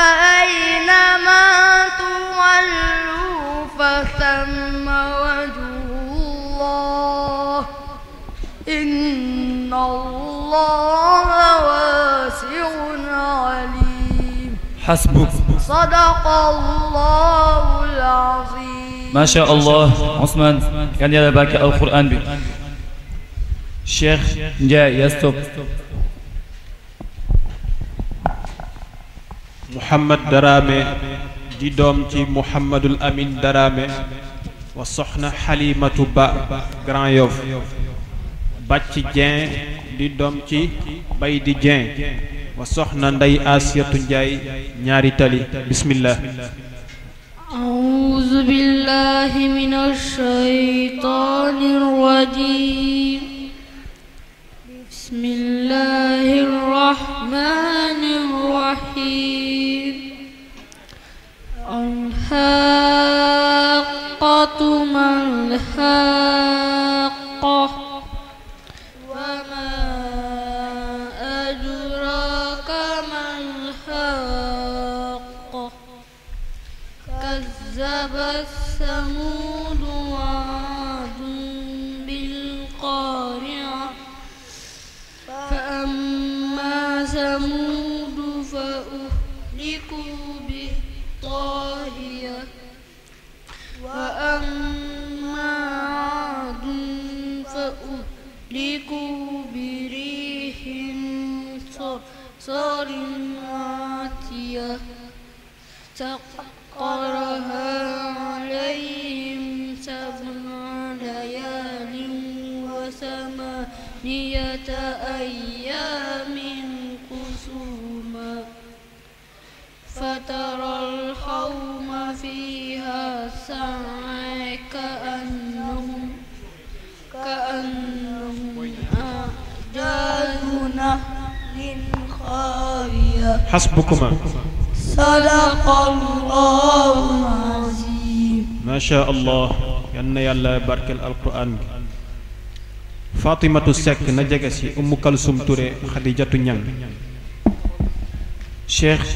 S6: فأينما تولوا فثم وجه الله إن الله واسع عليم حسبك صدق الله العظيم ما شاء الله عثمان كان يلبك القرآن بك شيخ جاي يستوب
S7: Mouhamad Darame di doom ci Mouhamadul Amin Darame wa soxna Xalimatu Ba Grand Yoff Bàcc Dieng di doom ci Baydi Dieng wa soxna Ndey Asiyatu Njaay ñaari tali bismillah
S6: بسم الله الرحمن الرحيم الحاقة ما الحاقة وما أدراك ما الحاقة كذبت ثمود ثمود فأهلكوا بالطاهية وأما عاد فأهلكوا بريح صرصر
S9: عاتية سخرها عليهم سبع ليال وثمانية أيام
S7: xasbukuma
S6: sadaqallaahu
S7: allah yal na yàlla barkeel alquran gi fatimatu sekk na jege si kalsum ture xadijatu ñang
S5: cheikh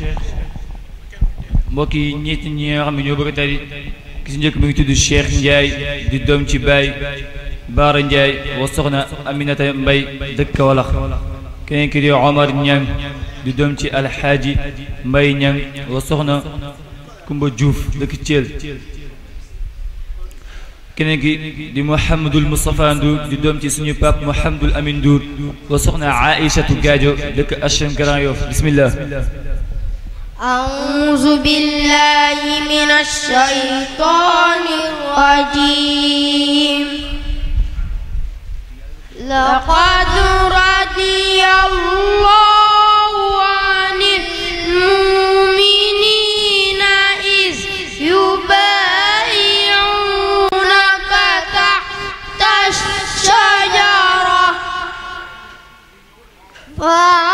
S5: mbokk yi ñi nga xam ne ñoo bëgg tari ki si njëkk mi ngi tudd cheikh ndiaye di doom ci baay baara ndiaye wa soxna aminata mbay dëkk walax keneen ki di omar ñang di doom ci alxaaji mbay ñang wa soxna kumba juuf dëkk Thiel keneen ki di mouhamadul moustapha ndour di doom ci suñu pap mouhamadul amin ndour wa soxna aïchatu gaajo dëkk HLM Grand Yoff bismillah
S6: أعوذ بالله من الشيطان الرجيم لقد رضي الله 哇！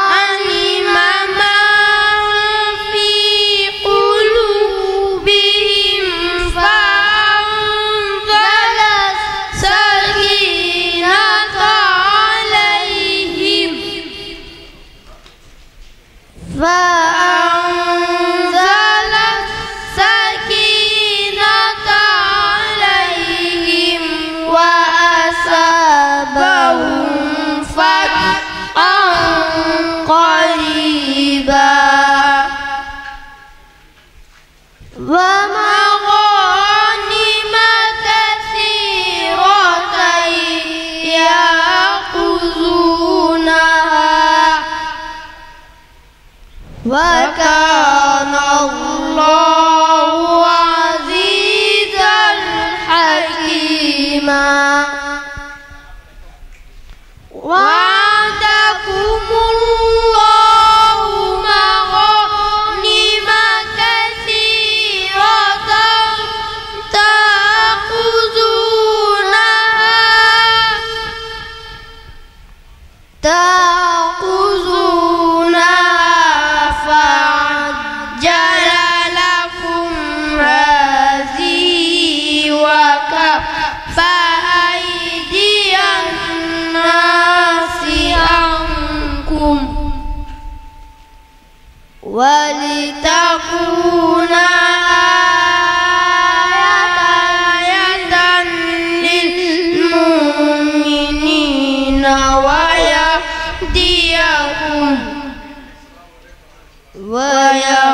S6: ويهديكم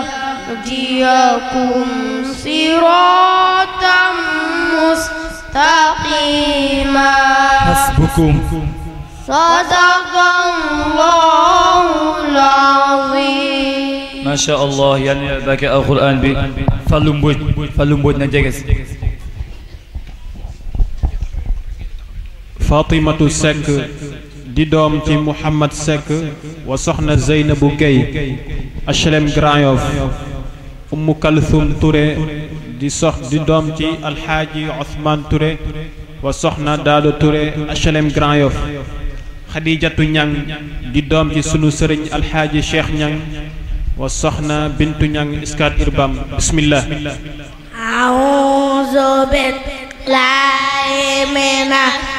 S6: صراطا مستقيما
S1: حسبكم
S6: صدق الله العظيم
S5: ما شاء الله يعني ذاك القرآن بي Fallou Mbodj Fallou Mbodj na jege si Fatimatu
S7: Seck di doom ci Mouhamad Seck wa soxna Zeynabu Gueye HLM Grand Yoff Umm Kalthum Touré di sox di doom ci Alxaaji Ousmane Touré wa soxna Daado Touré HLM Grand Yoff Xadijatu Ñang di doom ci sunu sëriñ Alxaaji Cheikh Ñang wa soxna Bintu Ñang Scat Urbam bismillah
S6: بالله من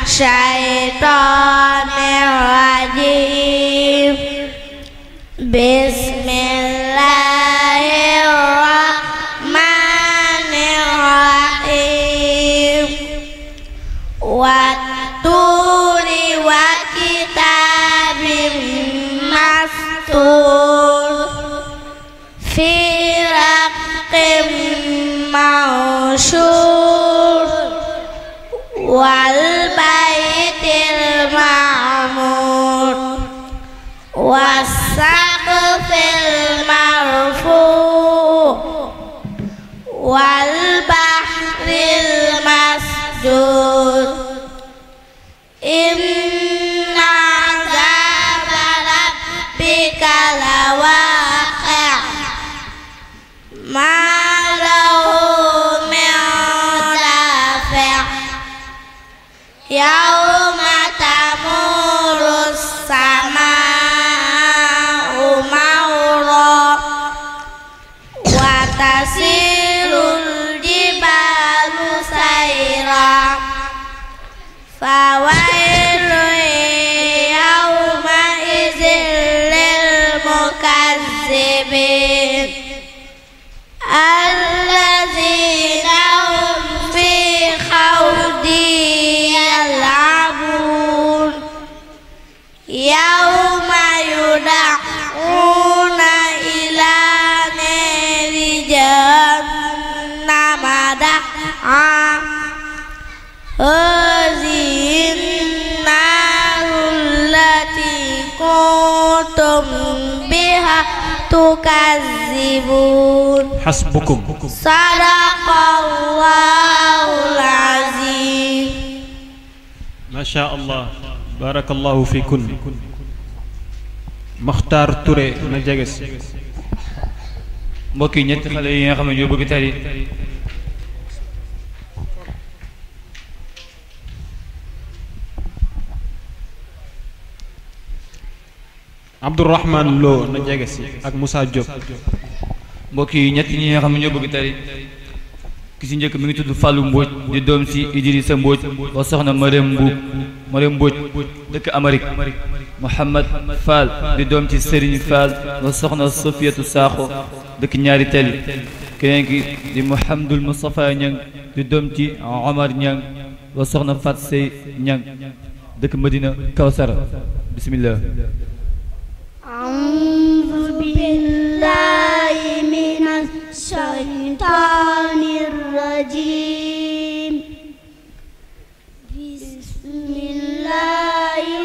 S6: الشيطان الرجيم بسم الله الرحمن الرحيم والطور وكتاب مسطور في رق منشور
S1: والبيت المعمور والسقف
S6: المرفوع والبحر المسجود إن عذاب ربك لواقع ما يوم يدعون إلى نار جهنم دعا هذه النار التي كنتم بها تكذبون حسبكم صدق الله العظيم
S7: ما شاء الله
S5: barakallahu fi kun Maxtaar Touré na jege si yi ñetti xale yi nga xam ne ñoo bëgg tari
S7: Abdourahman na jege si ak
S5: Moussa Diop mbokk yi ñetti ñi nga xam ne ñoo bëgg tari ki si njëkk mi ngi tudd Fallou Mbodj di doom si Idrissa Mbodj wa soxna Marème Mboup Marème Mbodj dëkk Amérique Mouhamad Fall di doom ci Serigne Fall wa soxna Sofiatou Sakho dëkk ñaari tali keneen ki di Mouhamadul Moustapha Niang di doom ci Omar Niang wa soxna Fat Sey dëkk Medina Kawsara bismillah
S1: أعوذ
S6: الشيطان الرجيم بسم الله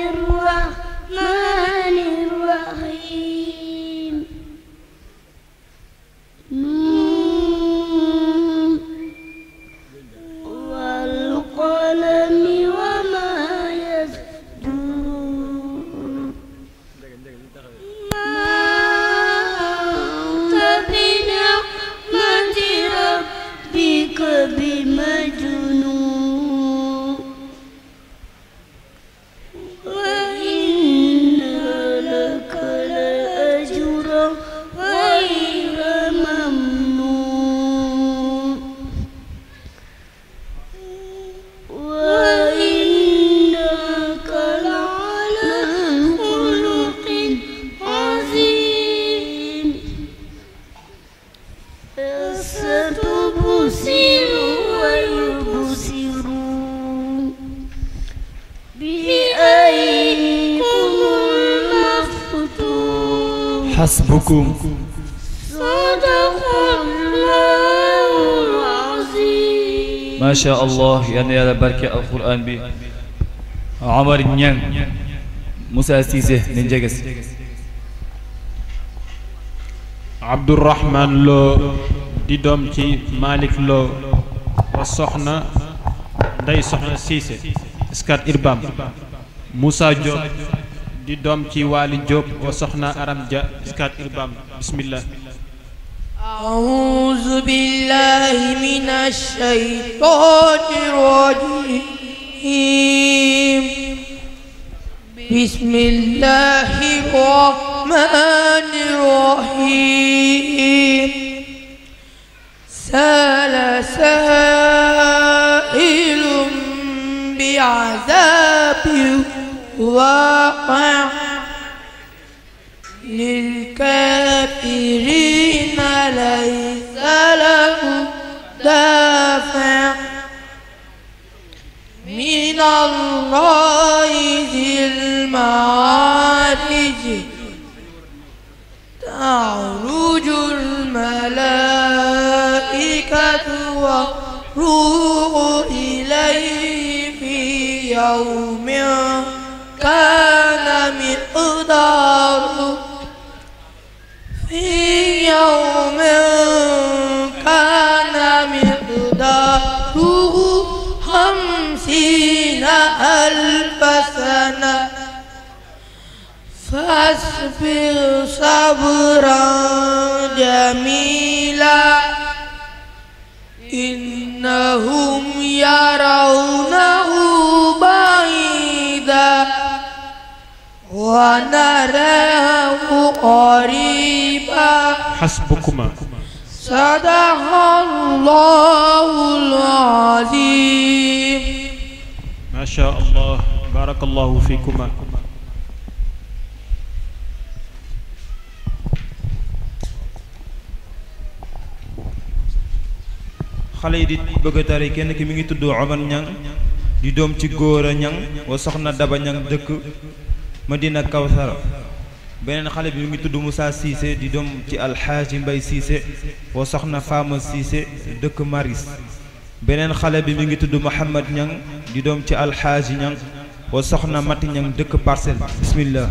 S6: حسبكم صدق الله
S1: العظيم
S3: ما
S5: شاء الله yàlla yàlla barke alquran bi Omar Niang Moussa Cissé nañ jege si
S7: Abdourahman Lo di doom ci Malick Lo wa soxna Ndey Soxna Cissé Scat Irbam Moussa Diop di doom ci Waly Diop wa soxna Aram Dia Scat Urbam bismillah
S6: أعوذ بالله من الشيطان الرجيم بسم الله الرحمن الرحيم سال سائل بعذاب وقع للكافرين ليس له دافع من الله ذي المعارج تعرج الملائكة والروح إليه في يوم كان مقداره في يوم كان مقداره خمسين ألف سنة فاصبر صبرا جميلا إنهم يرونه ونراه قريبا
S7: حسبكما
S6: صدق الله العظيم
S7: ما شاء الله بارك الله فيكما
S10: xale yi di bëgg a kenn ki mu ngi tudd Omar Niang di doom ci góor a Niang wa soxna Daba Niang dëkk Madina Kawsara beneen xale bi mu ngi tudd Moussa Cissé di doom ci alxaaji Mbay Cissé wa soxna Fama Cissé dëkk Maris beneen xale bi mi ngi tudd Mouhamad Ñang di doom ci alxaaji Ñang wa soxna Mati Ñang dëkk parcel bismillah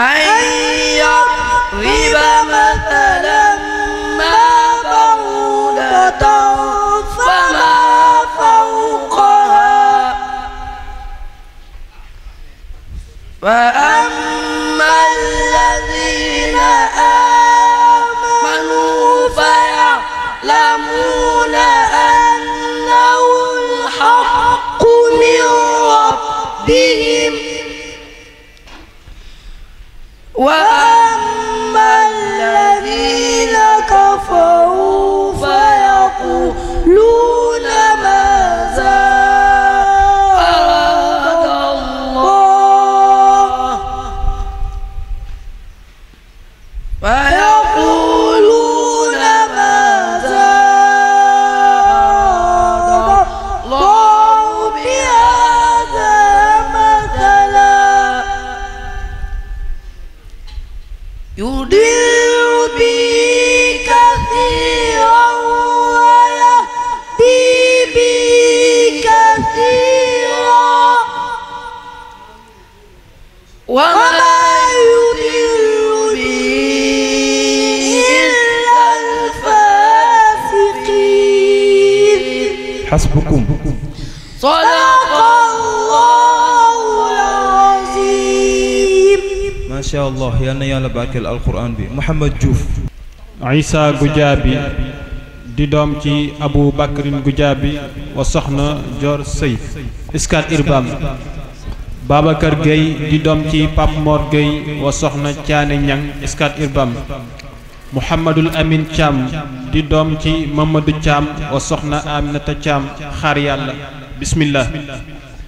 S6: أن يضرب مثلا ما بعودة فما فوقها فأما الذين آمنوا فيعلمون وأما الذين كفروا فيقولون وما يضل به إلا الفاسقين حسبكم صدق الله العظيم
S7: ما شاء الله yal na yàlla barkeel alquran bi Mouhamed Diouf Issa Goudiaby di doom ci Abou Bakrin Goudiaby wa soxna Dior Seye Scat Urbam Babacar Gueye di doom ci Pape Mor Gueye wa soxna Thiané Niang Scat Urbam Mouhamadul Amin Thiam di doom ci Mamadou Thiam wa soxna Aminata Thiam xaar yàlla bismillah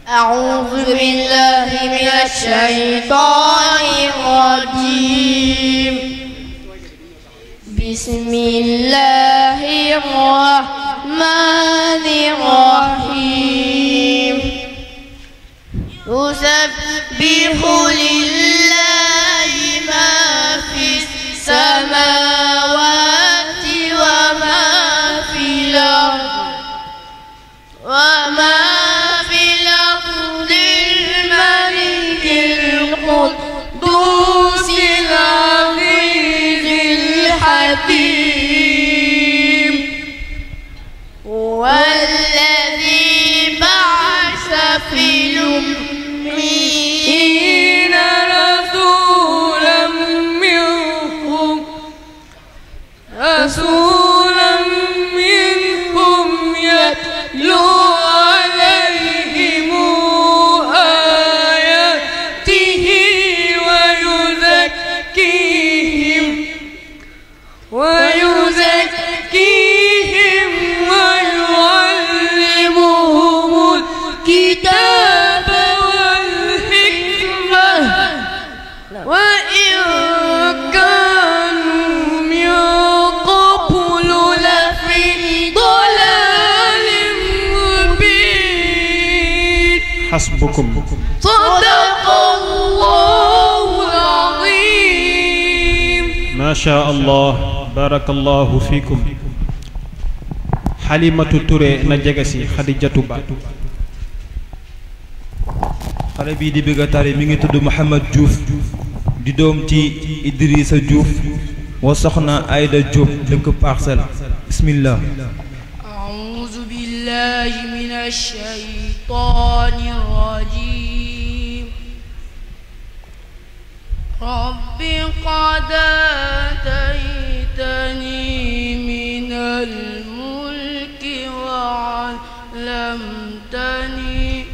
S6: أعوذ بالله من الشيطان الرجيم بسم تسبح لله ما في السماوات
S7: ma صدق
S6: الله العظيم
S7: ما xalimatu Touré na jege xadijatu ba xale bii di bëgga tari mi ngi tudd Mouhamad
S10: Diouf di doom ci Idrissa Diouf wa soxna Ayda Diop dëkk Parcelles bismillah
S6: الشيطان الرجيم رب قد آتيتني من الملك وعلمتني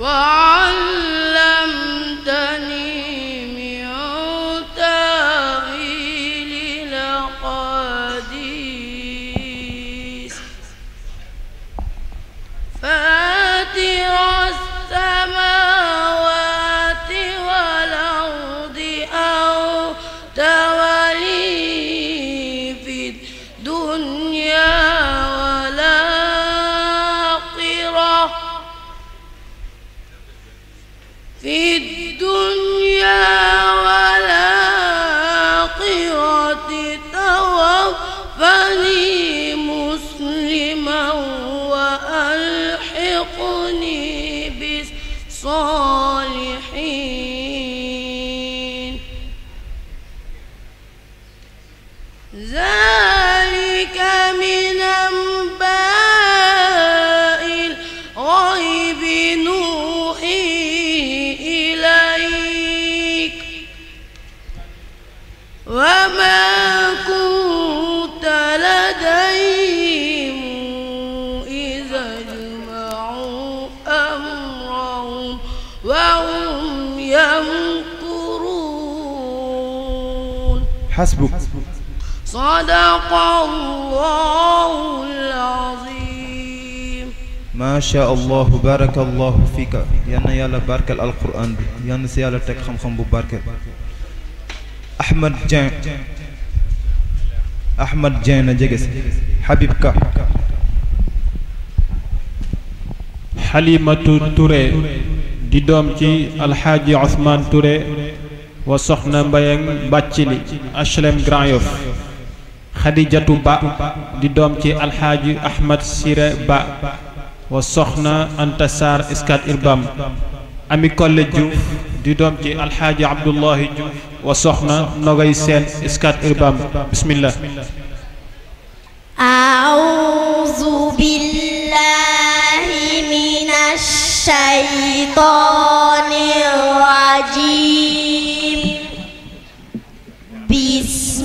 S6: وعلمتني hasbuk sadaqallaahu al-aziim
S10: macha allah barakallahu fika yal na yàlla barkeel alquran bi yal na si yàlla teg xam-xam bu barkeel ahmad dieng ahmad dieng na jege si habib ka
S7: xalimatu Touré di doom ci alxaaji Ousmane Touré wa soxna Mbayang Bàccili HLM Grand Yoff xadijatu ba di doom ci alxaaji Ahmad Sire Ba wa soxna Anta Sarr Scat Urbam di doom ci alxaaji Abdullahi Diouf wa soxna Nogay Seen Scat Urbam bismillah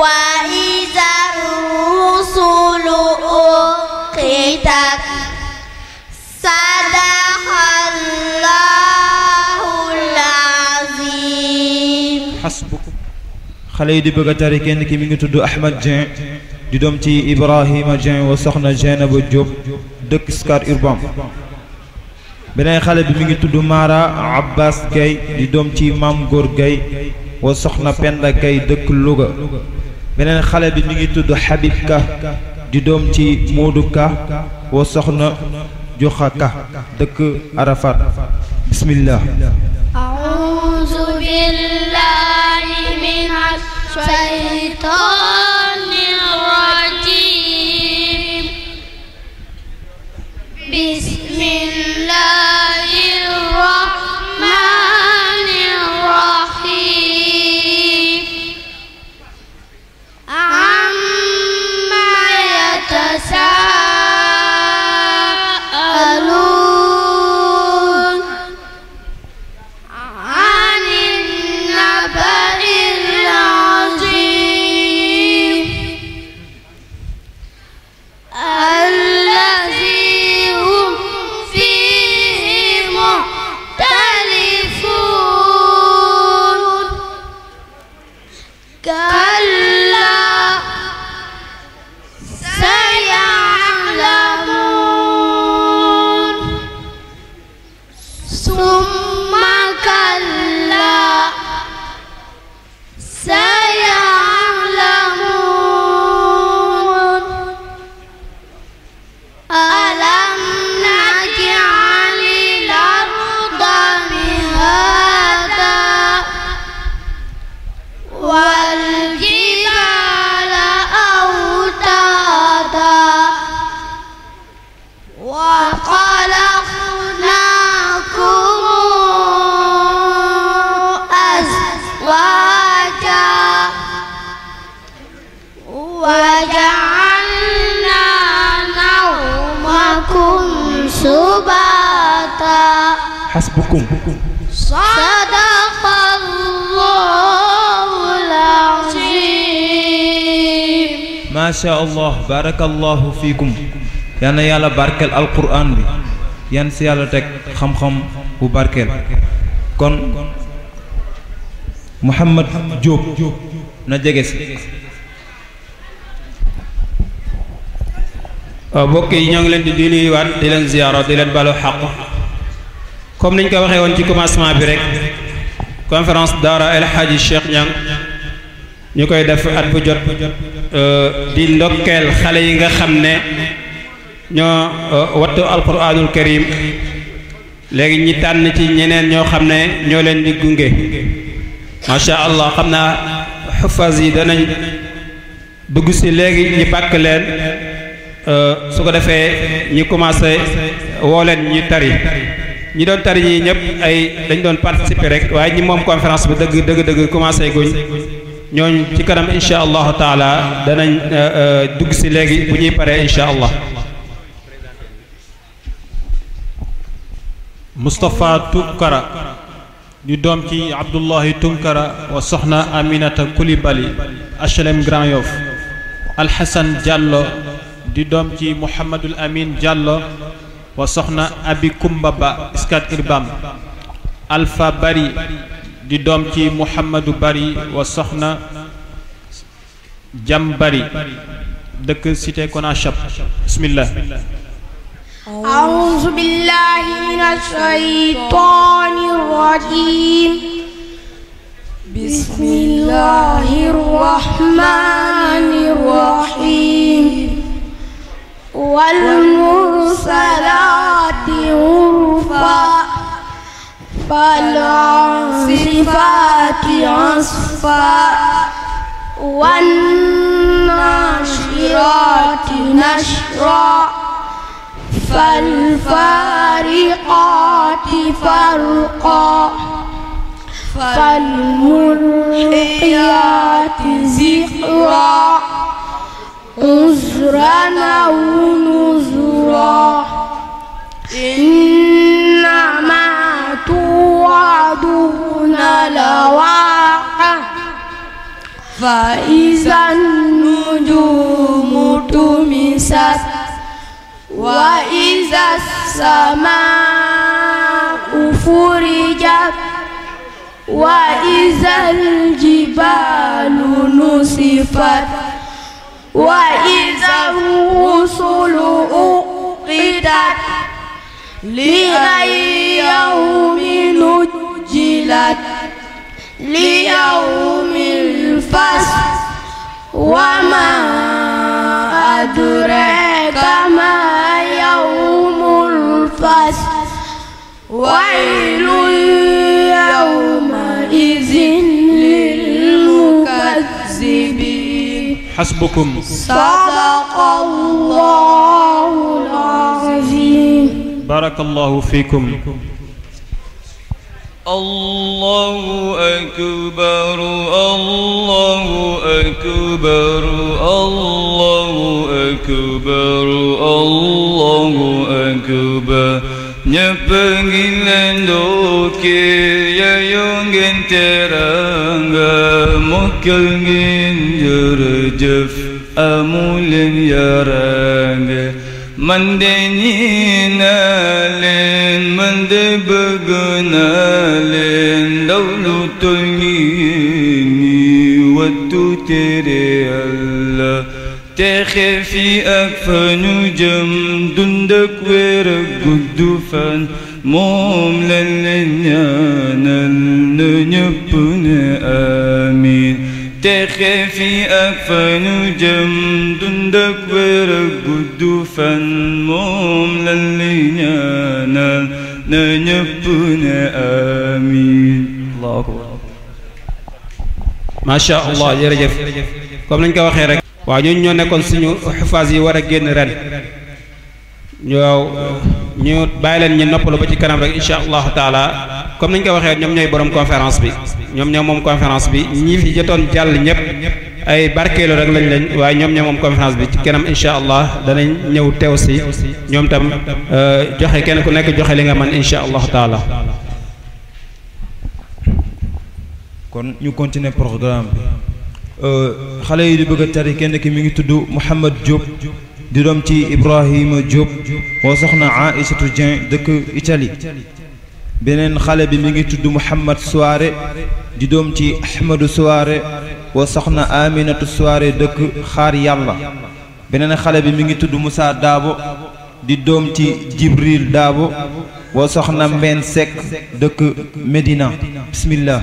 S6: وإذا الرسل أقتت صدق الله العظيم
S10: حسبك xale yi di bëgg a tari kenn ki mi tudd Ahmed Dieng di doom ci Ibrahima Dieng wa soxna Jeynaba Diop dëkk Scat Urbam beneen xale bi mi ngi tudd Mara Abbas Gueye di doom ci Maam Góor Gueye soxna Penda Gueye dëkk Louga beneen xale bi mi ngi tudd Habib Ka di doom ci Modou Ka woo soxna Joxa Ka dëkk Arafat bismillah
S1: أعوذ بالله من الشيطان
S6: الرجيم بسم الله bokkuñ sadaqallahul
S10: allah barakallahu fiikum yal yàlla barkeel alquran bi yan si yàlla teg xam-xam bu barkeel kon Mouhamad Diop
S4: na jege si waaw mbokk yi ñoo ngi leen di di nuyuwaat di leen ziyaara di leen balu xaq comme ñu ko waxee woon ci commencement bi rek conférence daara El Hadji Cheikh Niang ñu koy def at bu jot euh, di ndokkeel xale yi nga xam ne ñoo euh, wattu alquranul karim léegi ñi tànn ci ñeneen ñoo xam ne ñoo leen di gunge macha allah xam naa xufaas yi danañ dugg si léegi ñi bàkk leen euh, su ko defee ñi commencé woo leen ñi tari ñi doon tari ñii ñëpp ay dañ doon participer rek waaye ñi moom conférence bi dëgg dëgg dëgg commencé guñ ñooñu ci kanam incha allahu taala danañ euh, euh, dugg si
S1: léegi bu ñuy paree incha allah.
S7: Moustapha Tunkara di doom ci Abdullahi Tunkara wa soxna Aminata Koulibaly HLM Grand Yoff Alxasan Diallo di doom ci Mouhamadul Amin Diallo. wa soxna abi kumba ba iskat irbam alpha bari di doom ci muhammadu bari wa soxna jam bari dëkk cité Konachap bismillah
S6: أعوذ بالله من الشيطان الرجيم بسم والمرسلات عرفا فالعاصفات عصفا والناشرات نشرا
S3: فالفارقات
S6: فرقا فالملقيات ذكرا عذرا أو نذرا إنما توعدون لواقع فإذا النجوم تمست وإذا السماء فرجت
S1: وإذا
S6: الجبال نصفت وإذا الرسل أقتت لأي يوم نجلت ليوم الفصل
S1: وما
S6: أدراك ما يوم الفصل ويل يومئذ xasbukum sadaqallahul aziim
S7: barakallahu fiikum
S11: allahu akbar
S5: allahu akbar allahu akbar allahu akbar ñépp ngi leen ndokkeel ya yongeen teraanga mokkal ngeen jëf amuleen yaraange man de ñii naa leen man de bëgg naa leen lu tol ñi nii wattu tere Yàlla te xeef ak fa ñu jëm dund ak gudd fan moom lañ leen ñaanal te xee fi ak fa ñu jëm dund ak wér ak gudd
S4: allah jërëjëf comme nañ ko waxee rek waa ñun ñoo nekkoon suñu xufaas yi war a génn ren ñoo ñu bàyyi leen ñu noppalu ba ci kanam rek incha allahu taala comme niñ ko waxee ñoom ñooy borom conférence bi ñoom ñoo moom conférence bi ñi fi jotoon jàll ñëpp ay barkeelu rek lañ leen waaye ñoom ñoo moom conférence bi ci kanam incha allah danañ ñëw teew si ñoom tam euh, joxe kenn ku nekk joxe li nga man incha allahu taala.
S10: kon ñu continuer programme bi euh, xale yi di bëgg a tari kenn ki mi ngi tudd Mouhamed Diop. di doom ci Ibrahima Diop woo soxna Aïssatou Dieng dëkk Italie beneen xale bi mi ngi tudd Mouhamad Souare di doom ci Ahmadou Souare woo soxna Aminatu Souare dëkk Xaar Yàlla beneen xale bi mi ngi tudd Moussa Daabo di doom ci Jibril Daabo woo soxna Mbène Seck dëkk Medina bismillah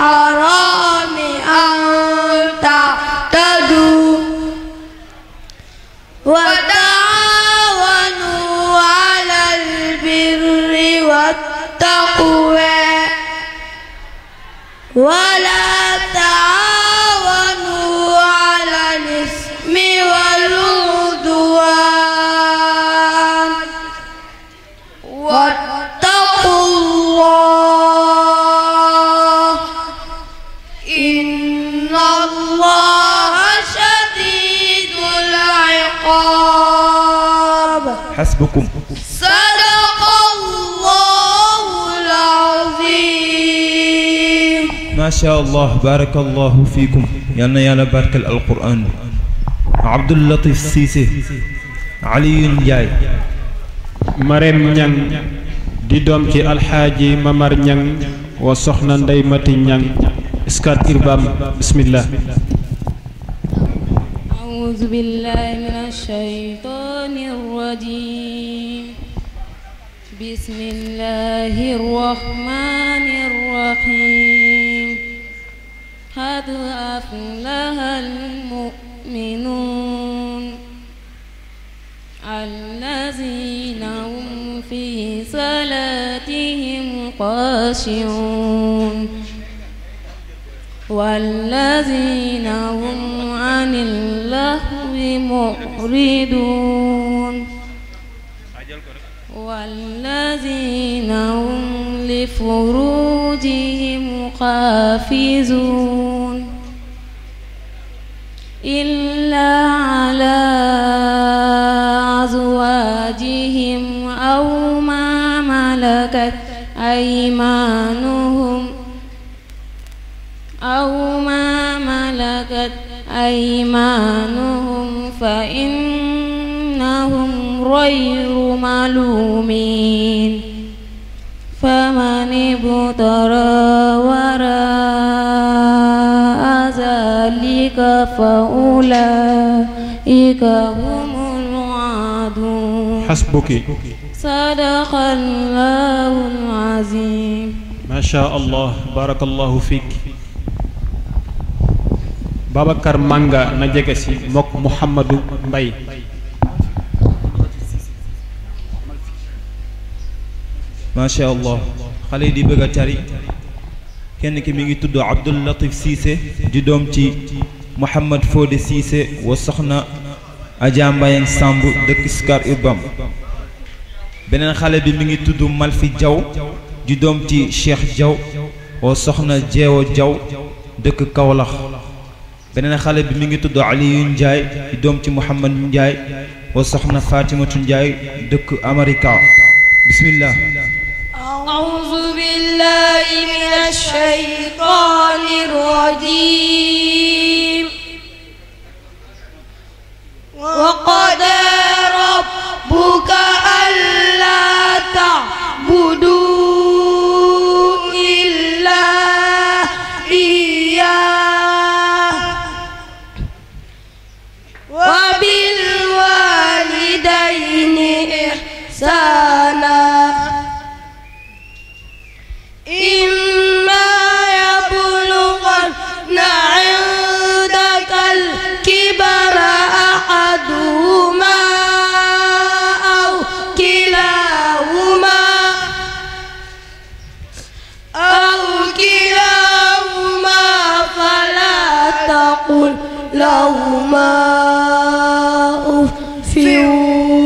S6: الحرام أن تعتدوا وتعاونوا على البر والتقوى ولا
S10: macha allah barakallahu fiikum yal na yàlla barkal alquran bi Abdoul Latif Cissé
S7: Alioune Ndiaye Marème Ñang di doom ci alxaaji Mamar Ñang wa soxna Ndey Mati Ñang iskat irbam bismillah
S9: أعوذ بالله من الشيطان الرجيم بسم الله الرحمن قد أفلح المؤمنون الذين هم في صلاتهم خاشعون والذين هم عن اللهو معرضون والذين هم لفروجهم حافظون إلا على أزواجهم أو ما ملكت أيمانهم أو ما ملكت أيمانهم فإنهم غير ملومين فمن ابترى وراء فأولئك هم الوعدون حسبك صدق الله
S7: Manga na jege si mbokk Mouhamadou Mbaye macha
S1: allah xale yi di bëgg tari
S10: kenn ki mi ngi tudd Abdoul Latif Cissé di doom ci Mouhamed Fodé Cissé wa soxna Adja Mbayang Samb dëkk Scar Urbam beneen xale bi mu ngi tudd Malfi Diaw di doom ci Cheikh jaw wa soxna Jeewo Diaw dëkk Kaolack beneen xale bi mu ngi tudd Aliyu Ndiaye di doom ci Mouhamed Ndiaye wa soxna Fatimatu Ndiaye dëkk Amerika bismillah
S6: بالله من الشيطان الرجيم وقد ربك ألا تعبدوا إلا إياه وبالوالدين إحسانا الله أف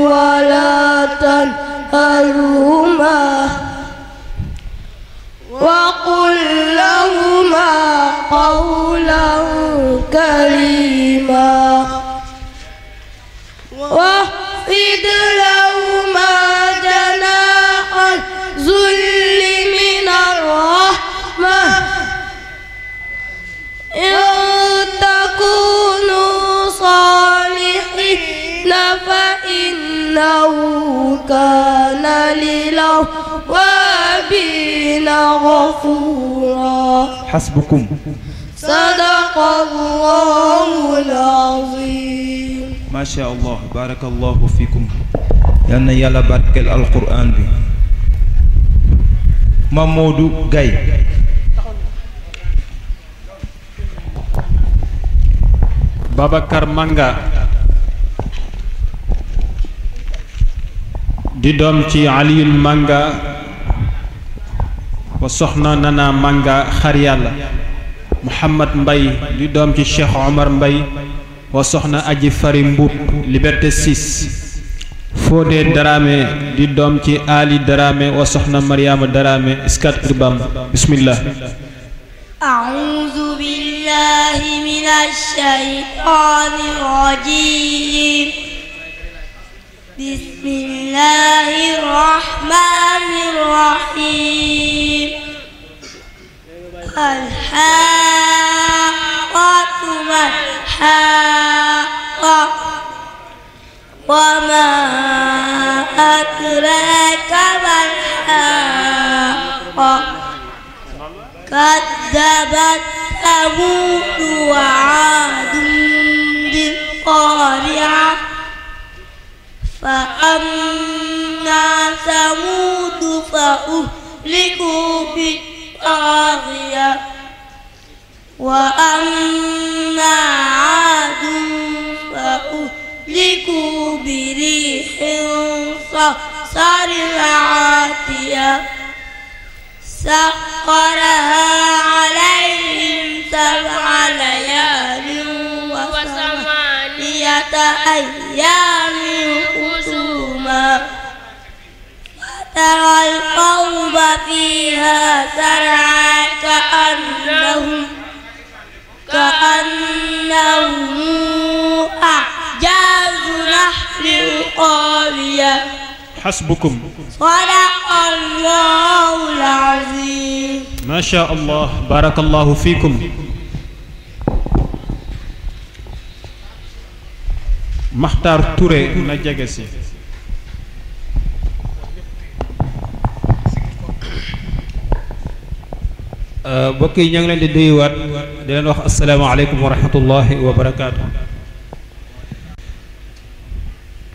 S6: ولا تنهرهما وقل لهما قولا كريما واخفض لهما لو كان للأوابين غفورا حسبكم صدق الله العظيم
S10: ما شاء الله بارك الله فيكم yal na yàlla barkeel alquran bi Mamadou Gaye
S7: Babacar Manga di doom ci aliyul mànga wa soxna nana mànga xar muhammad mbay di doom ci cheikh omar mbay wa soxna aji fari mbuub liberté 6 Fodé Darame di doom ci Ali Darame wa soxna Mariama Darame Scat Urbam bismillah
S6: أعوذ بالله من الشيطان الرجيم بسم الله الرحمن الرحيم الحاقة ما الحاقة وما أدراك ما الحاقة كذبت ثمود وعاد بالقارعة فأما ثمود فأهلكوا بالطاغية وأما عاد فأهلكوا بريح صرصر عاتية سخرها عليهم سبع ليال وثمانية أيام ترى القوم فيها سرعا كأنهم كأنهم أعجاز نحل قالية حسبكم صدق الله العظيم
S7: ما شاء الله بارك الله فيكم Maxtaar Touré na jege si
S4: Euh, mbokk yi ñoo ngi leen di nuyuwaat di leen wax asalaamaaleykum wa rahmatullahi wa barakaatu.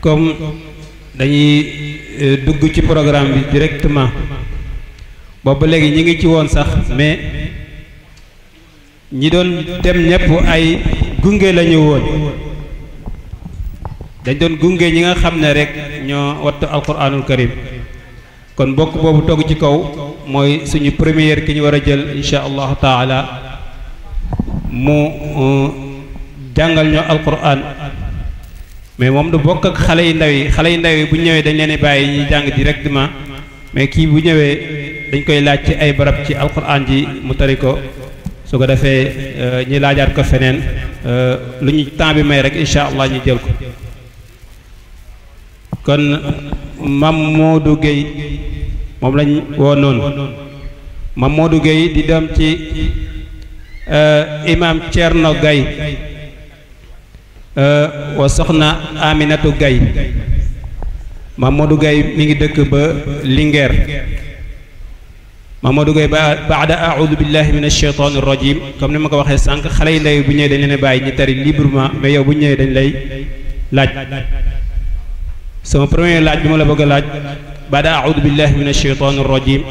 S4: comme dañuy euh, dugg ci programme bi directement boobu léegi ñi ngi ci woon sax mais ñi doon dem ñëpp ay gunge la ñu woon dañ doon gunge ñi nga xam ne rek ñoo wattu alquranul karim kon mbokk boobu toog ci kaw mooy suñu première ki ñu war a jël incha allahu taala mu euh, jàngal ñoo alquran mais moom du bokk ak xale yu ndaw yi xale yu ndaw yi bu ñëwee dañ leen bàyyi ñuy jàng directement mais kii bu ñëwee dañ koy laaj ci ay barab ci alquran ji mu tari ko su ko defee euh, ñi laajaat ko feneen euh, lu ñu temps bi may rek incha allah ñu jël ko kon Mamadou Gueye moom lañ woo noonu Mamadou Gueye di dem ci eh, imam Thierno Gueye eh, wa soxna Aminatu Gueye Mamadou Gueye mi ngi dëkk ba Linguère Mamadou Gueye ba baada aoudu billahi min asheytaani rajim comme ni ma ko waxee sànq xale yi ndey bu ñëwee dañ leen bàyyi ñu tari librement mais yow bu ñëwee dañ lay laaj sama premier laaj bi ma la bëgg a laaj bada audu billahi min alsheytan arrajim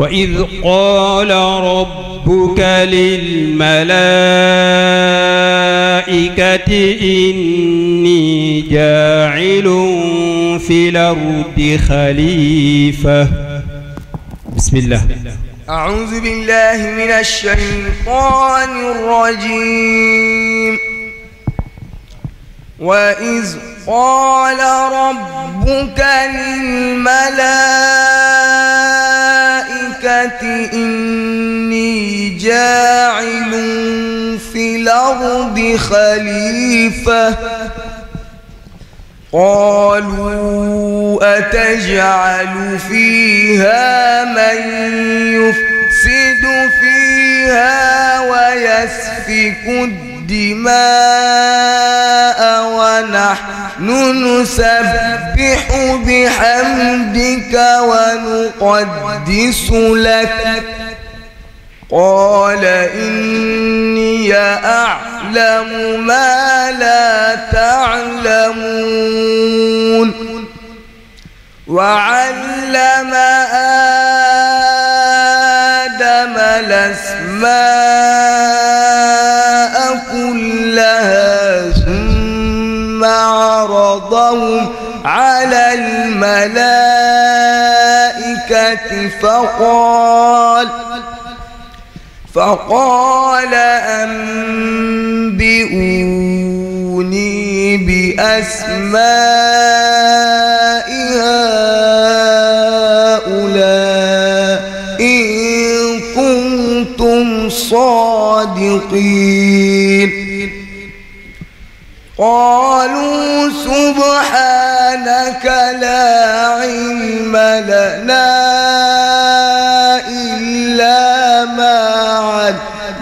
S4: wa id qaala rabbuka lilmalaikati inni jaacilun fi lardi xalifa
S11: bismillah audu billahi min alsheytan arrajim وإذ قال ربك للملائكة إني جاعل في الأرض خليفة قالوا أتجعل فيها من يفسد فيها ويسفك الدماء الدماء ونحن نسبح بحمدك ونقدس لك قال إني أعلم ما لا تعلمون وعلم
S6: آدم
S11: الأسماء لها ثم عرضهم على الملائكة فقال فقال أنبئوني بأسماء هؤلاء إن كنتم صادقين قالوا سبحانك لا علم لنا إلا ما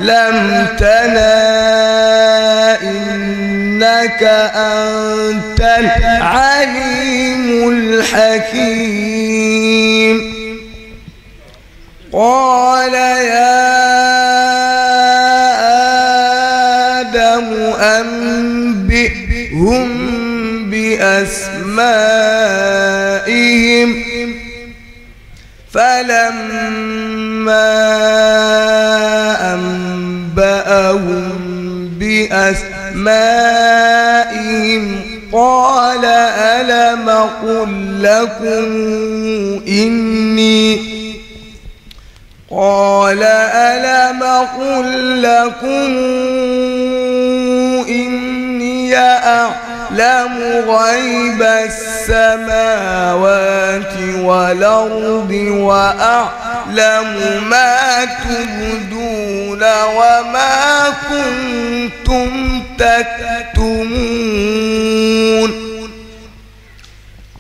S11: علمتنا إنك أنت العليم الحكيم قال يا هم بأسمائهم فلما أنبأهم بأسمائهم قال ألم أقل لكم إني قال ألم أقل لكم إني يعلم غيب السماوات والأرض وأعلم ما تبدون وما كنتم تكتمون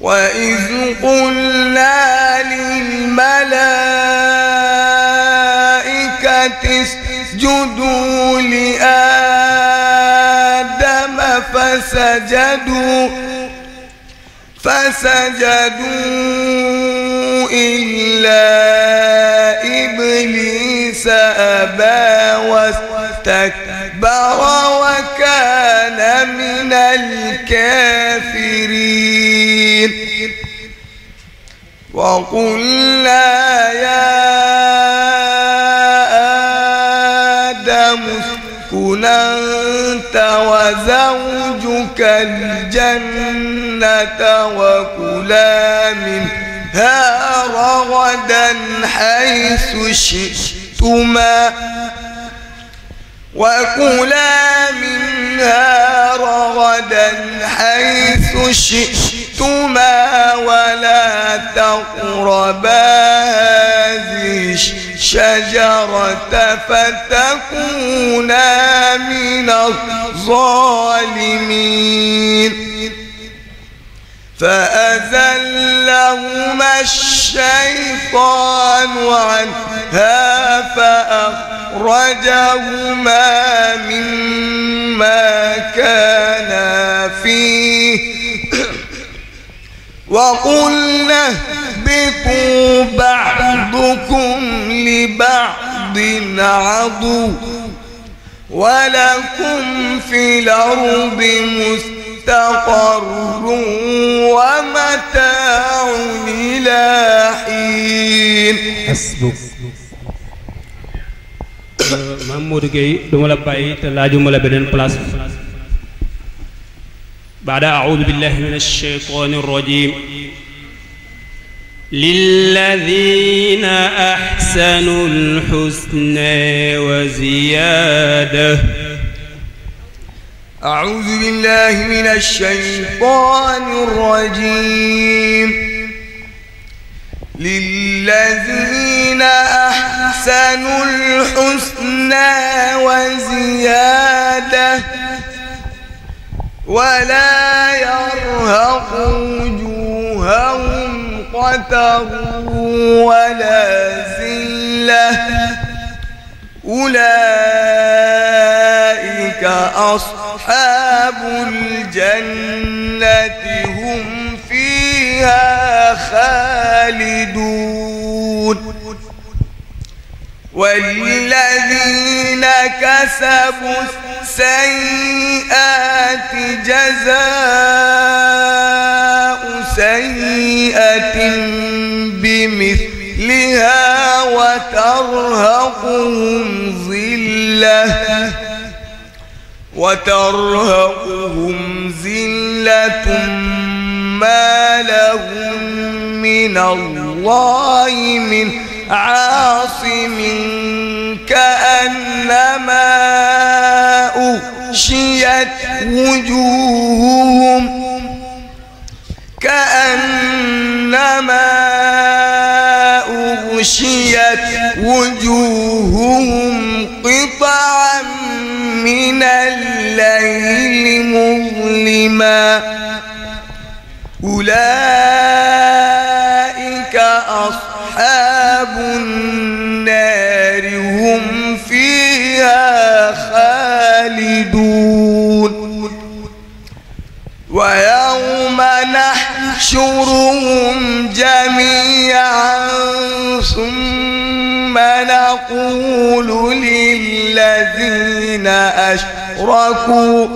S11: وإذ قلنا للملائكة اسجدوا لآدم فسجدوا فسجدوا إلا إبليس أبى
S1: واستكبر
S11: وكان من الكافرين وقلنا يا آدم اسكن وزوجك الجنة وكلا منها رغدا حيث شئتما وكلا منها رغدا حيث شئتما ولا تقربا الشجرة فتكونا من الظالمين فأزلهما الشيطان عنها فأخرجهما مما كان فيه وقلنا يمسكوا بعضكم لبعض عدو ولكم في الأرض مستقر ومتاع إلى حين حسبك maam Modou Gueye
S4: duma la bàyyi te laajuma la beneen place baada aoudu billahi min alcheytan arrajim lilladina axsanu alxusna wa ziyaada
S11: audu billahi min alshaytani alrajim lilladina axsanu alxusna wa ziyaada wala yarhaqu wujuhahum قتروا ولا زلة أولئك أصحاب الجنة هم فيها خالدون والذين كسبوا السيئات جزاء سيئة بمثلها وترهقهم ذلة وترهقهم ذلة ما لهم من الله من عاصم كأنما أغشيت وجوههم كأنما أغشيت وجوههم قطعا من الليل مظلما أولئك أصحاب النار هم فيها خالدون ويوم نحشرهم جميعا ثم نقول للذين أشركوا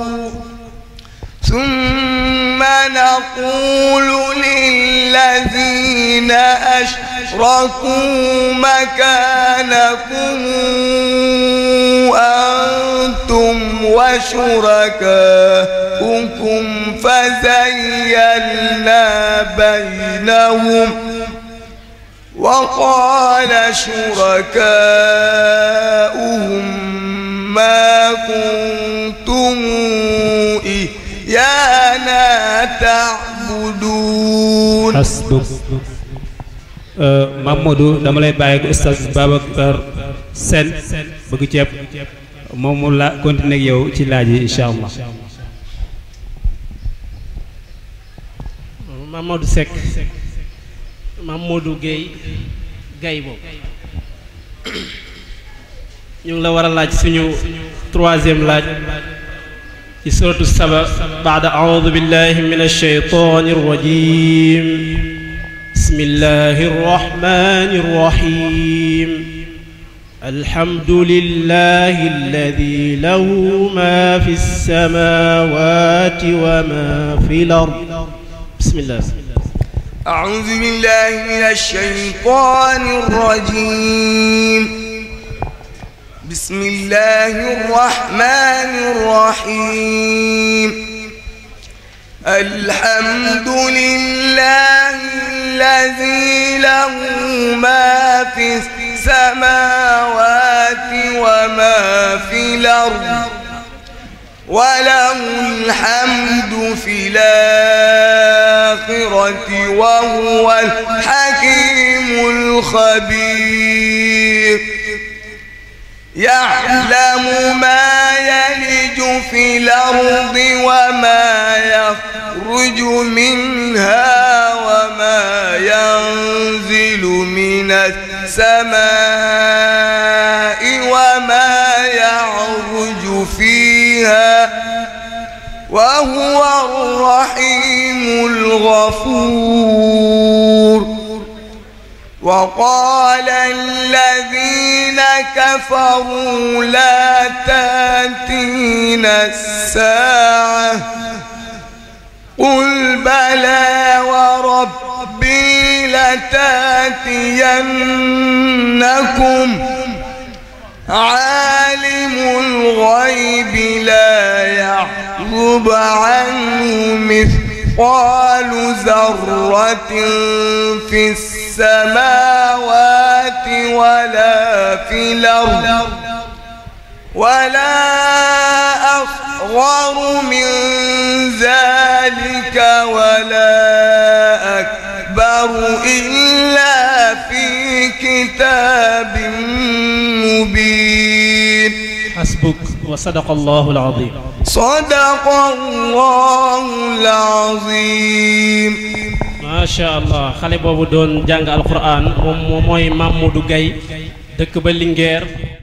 S11: ثم فلم نقول للذين أشركوا مكانكم أنتم وشركاؤكم فزيلنا بينهم وقال شركاؤهم ما كنتم إيه يا نا تعبدون حسبك
S4: Mamadou dama lay bàyyi ak Oustaz Babacar Sène bëgg ceeb moom mu la continuer yow ci laaj yi incha allah. Mamadou Seck Mamadou Guèye Gaye boobu ñu ngi la war a laaj suñu troisième laaj. ci suratu saba baada audu billahi min alsheytani irrajim bismillahi arrahmani irrahim alhamdulillahi alladi
S8: lahu ma fi alsamawati wa ma fi lard bismillah audu billahi min alsheytani
S11: irrajim بسم الله الرحمن الرحيم الحمد لله الذي له ما في السماوات وما في الأرض وله الحمد في الآخرة وهو الحكيم الخبير يعلم ما يلج في الأرض وما يخرج منها وما ينزل من السماء وما يعرج فيها وهو الرحيم الغفور وقال الذين كفروا لا تاتينا الساعة قل بلى وربي لتاتينكم عالم الغيب لا يعقب عنه مثل مثقال ذرة في السماوات ولا في الأرض ولا أصغر من ذلك ولا أكبر إلا في كتاب مبين حسبك wa sadaqa allahu alazim sadaqa allahu
S4: alazim macha allah xale boobu doon jàng alquran moom mooy Mamadou Gaye dëkk ba Linguère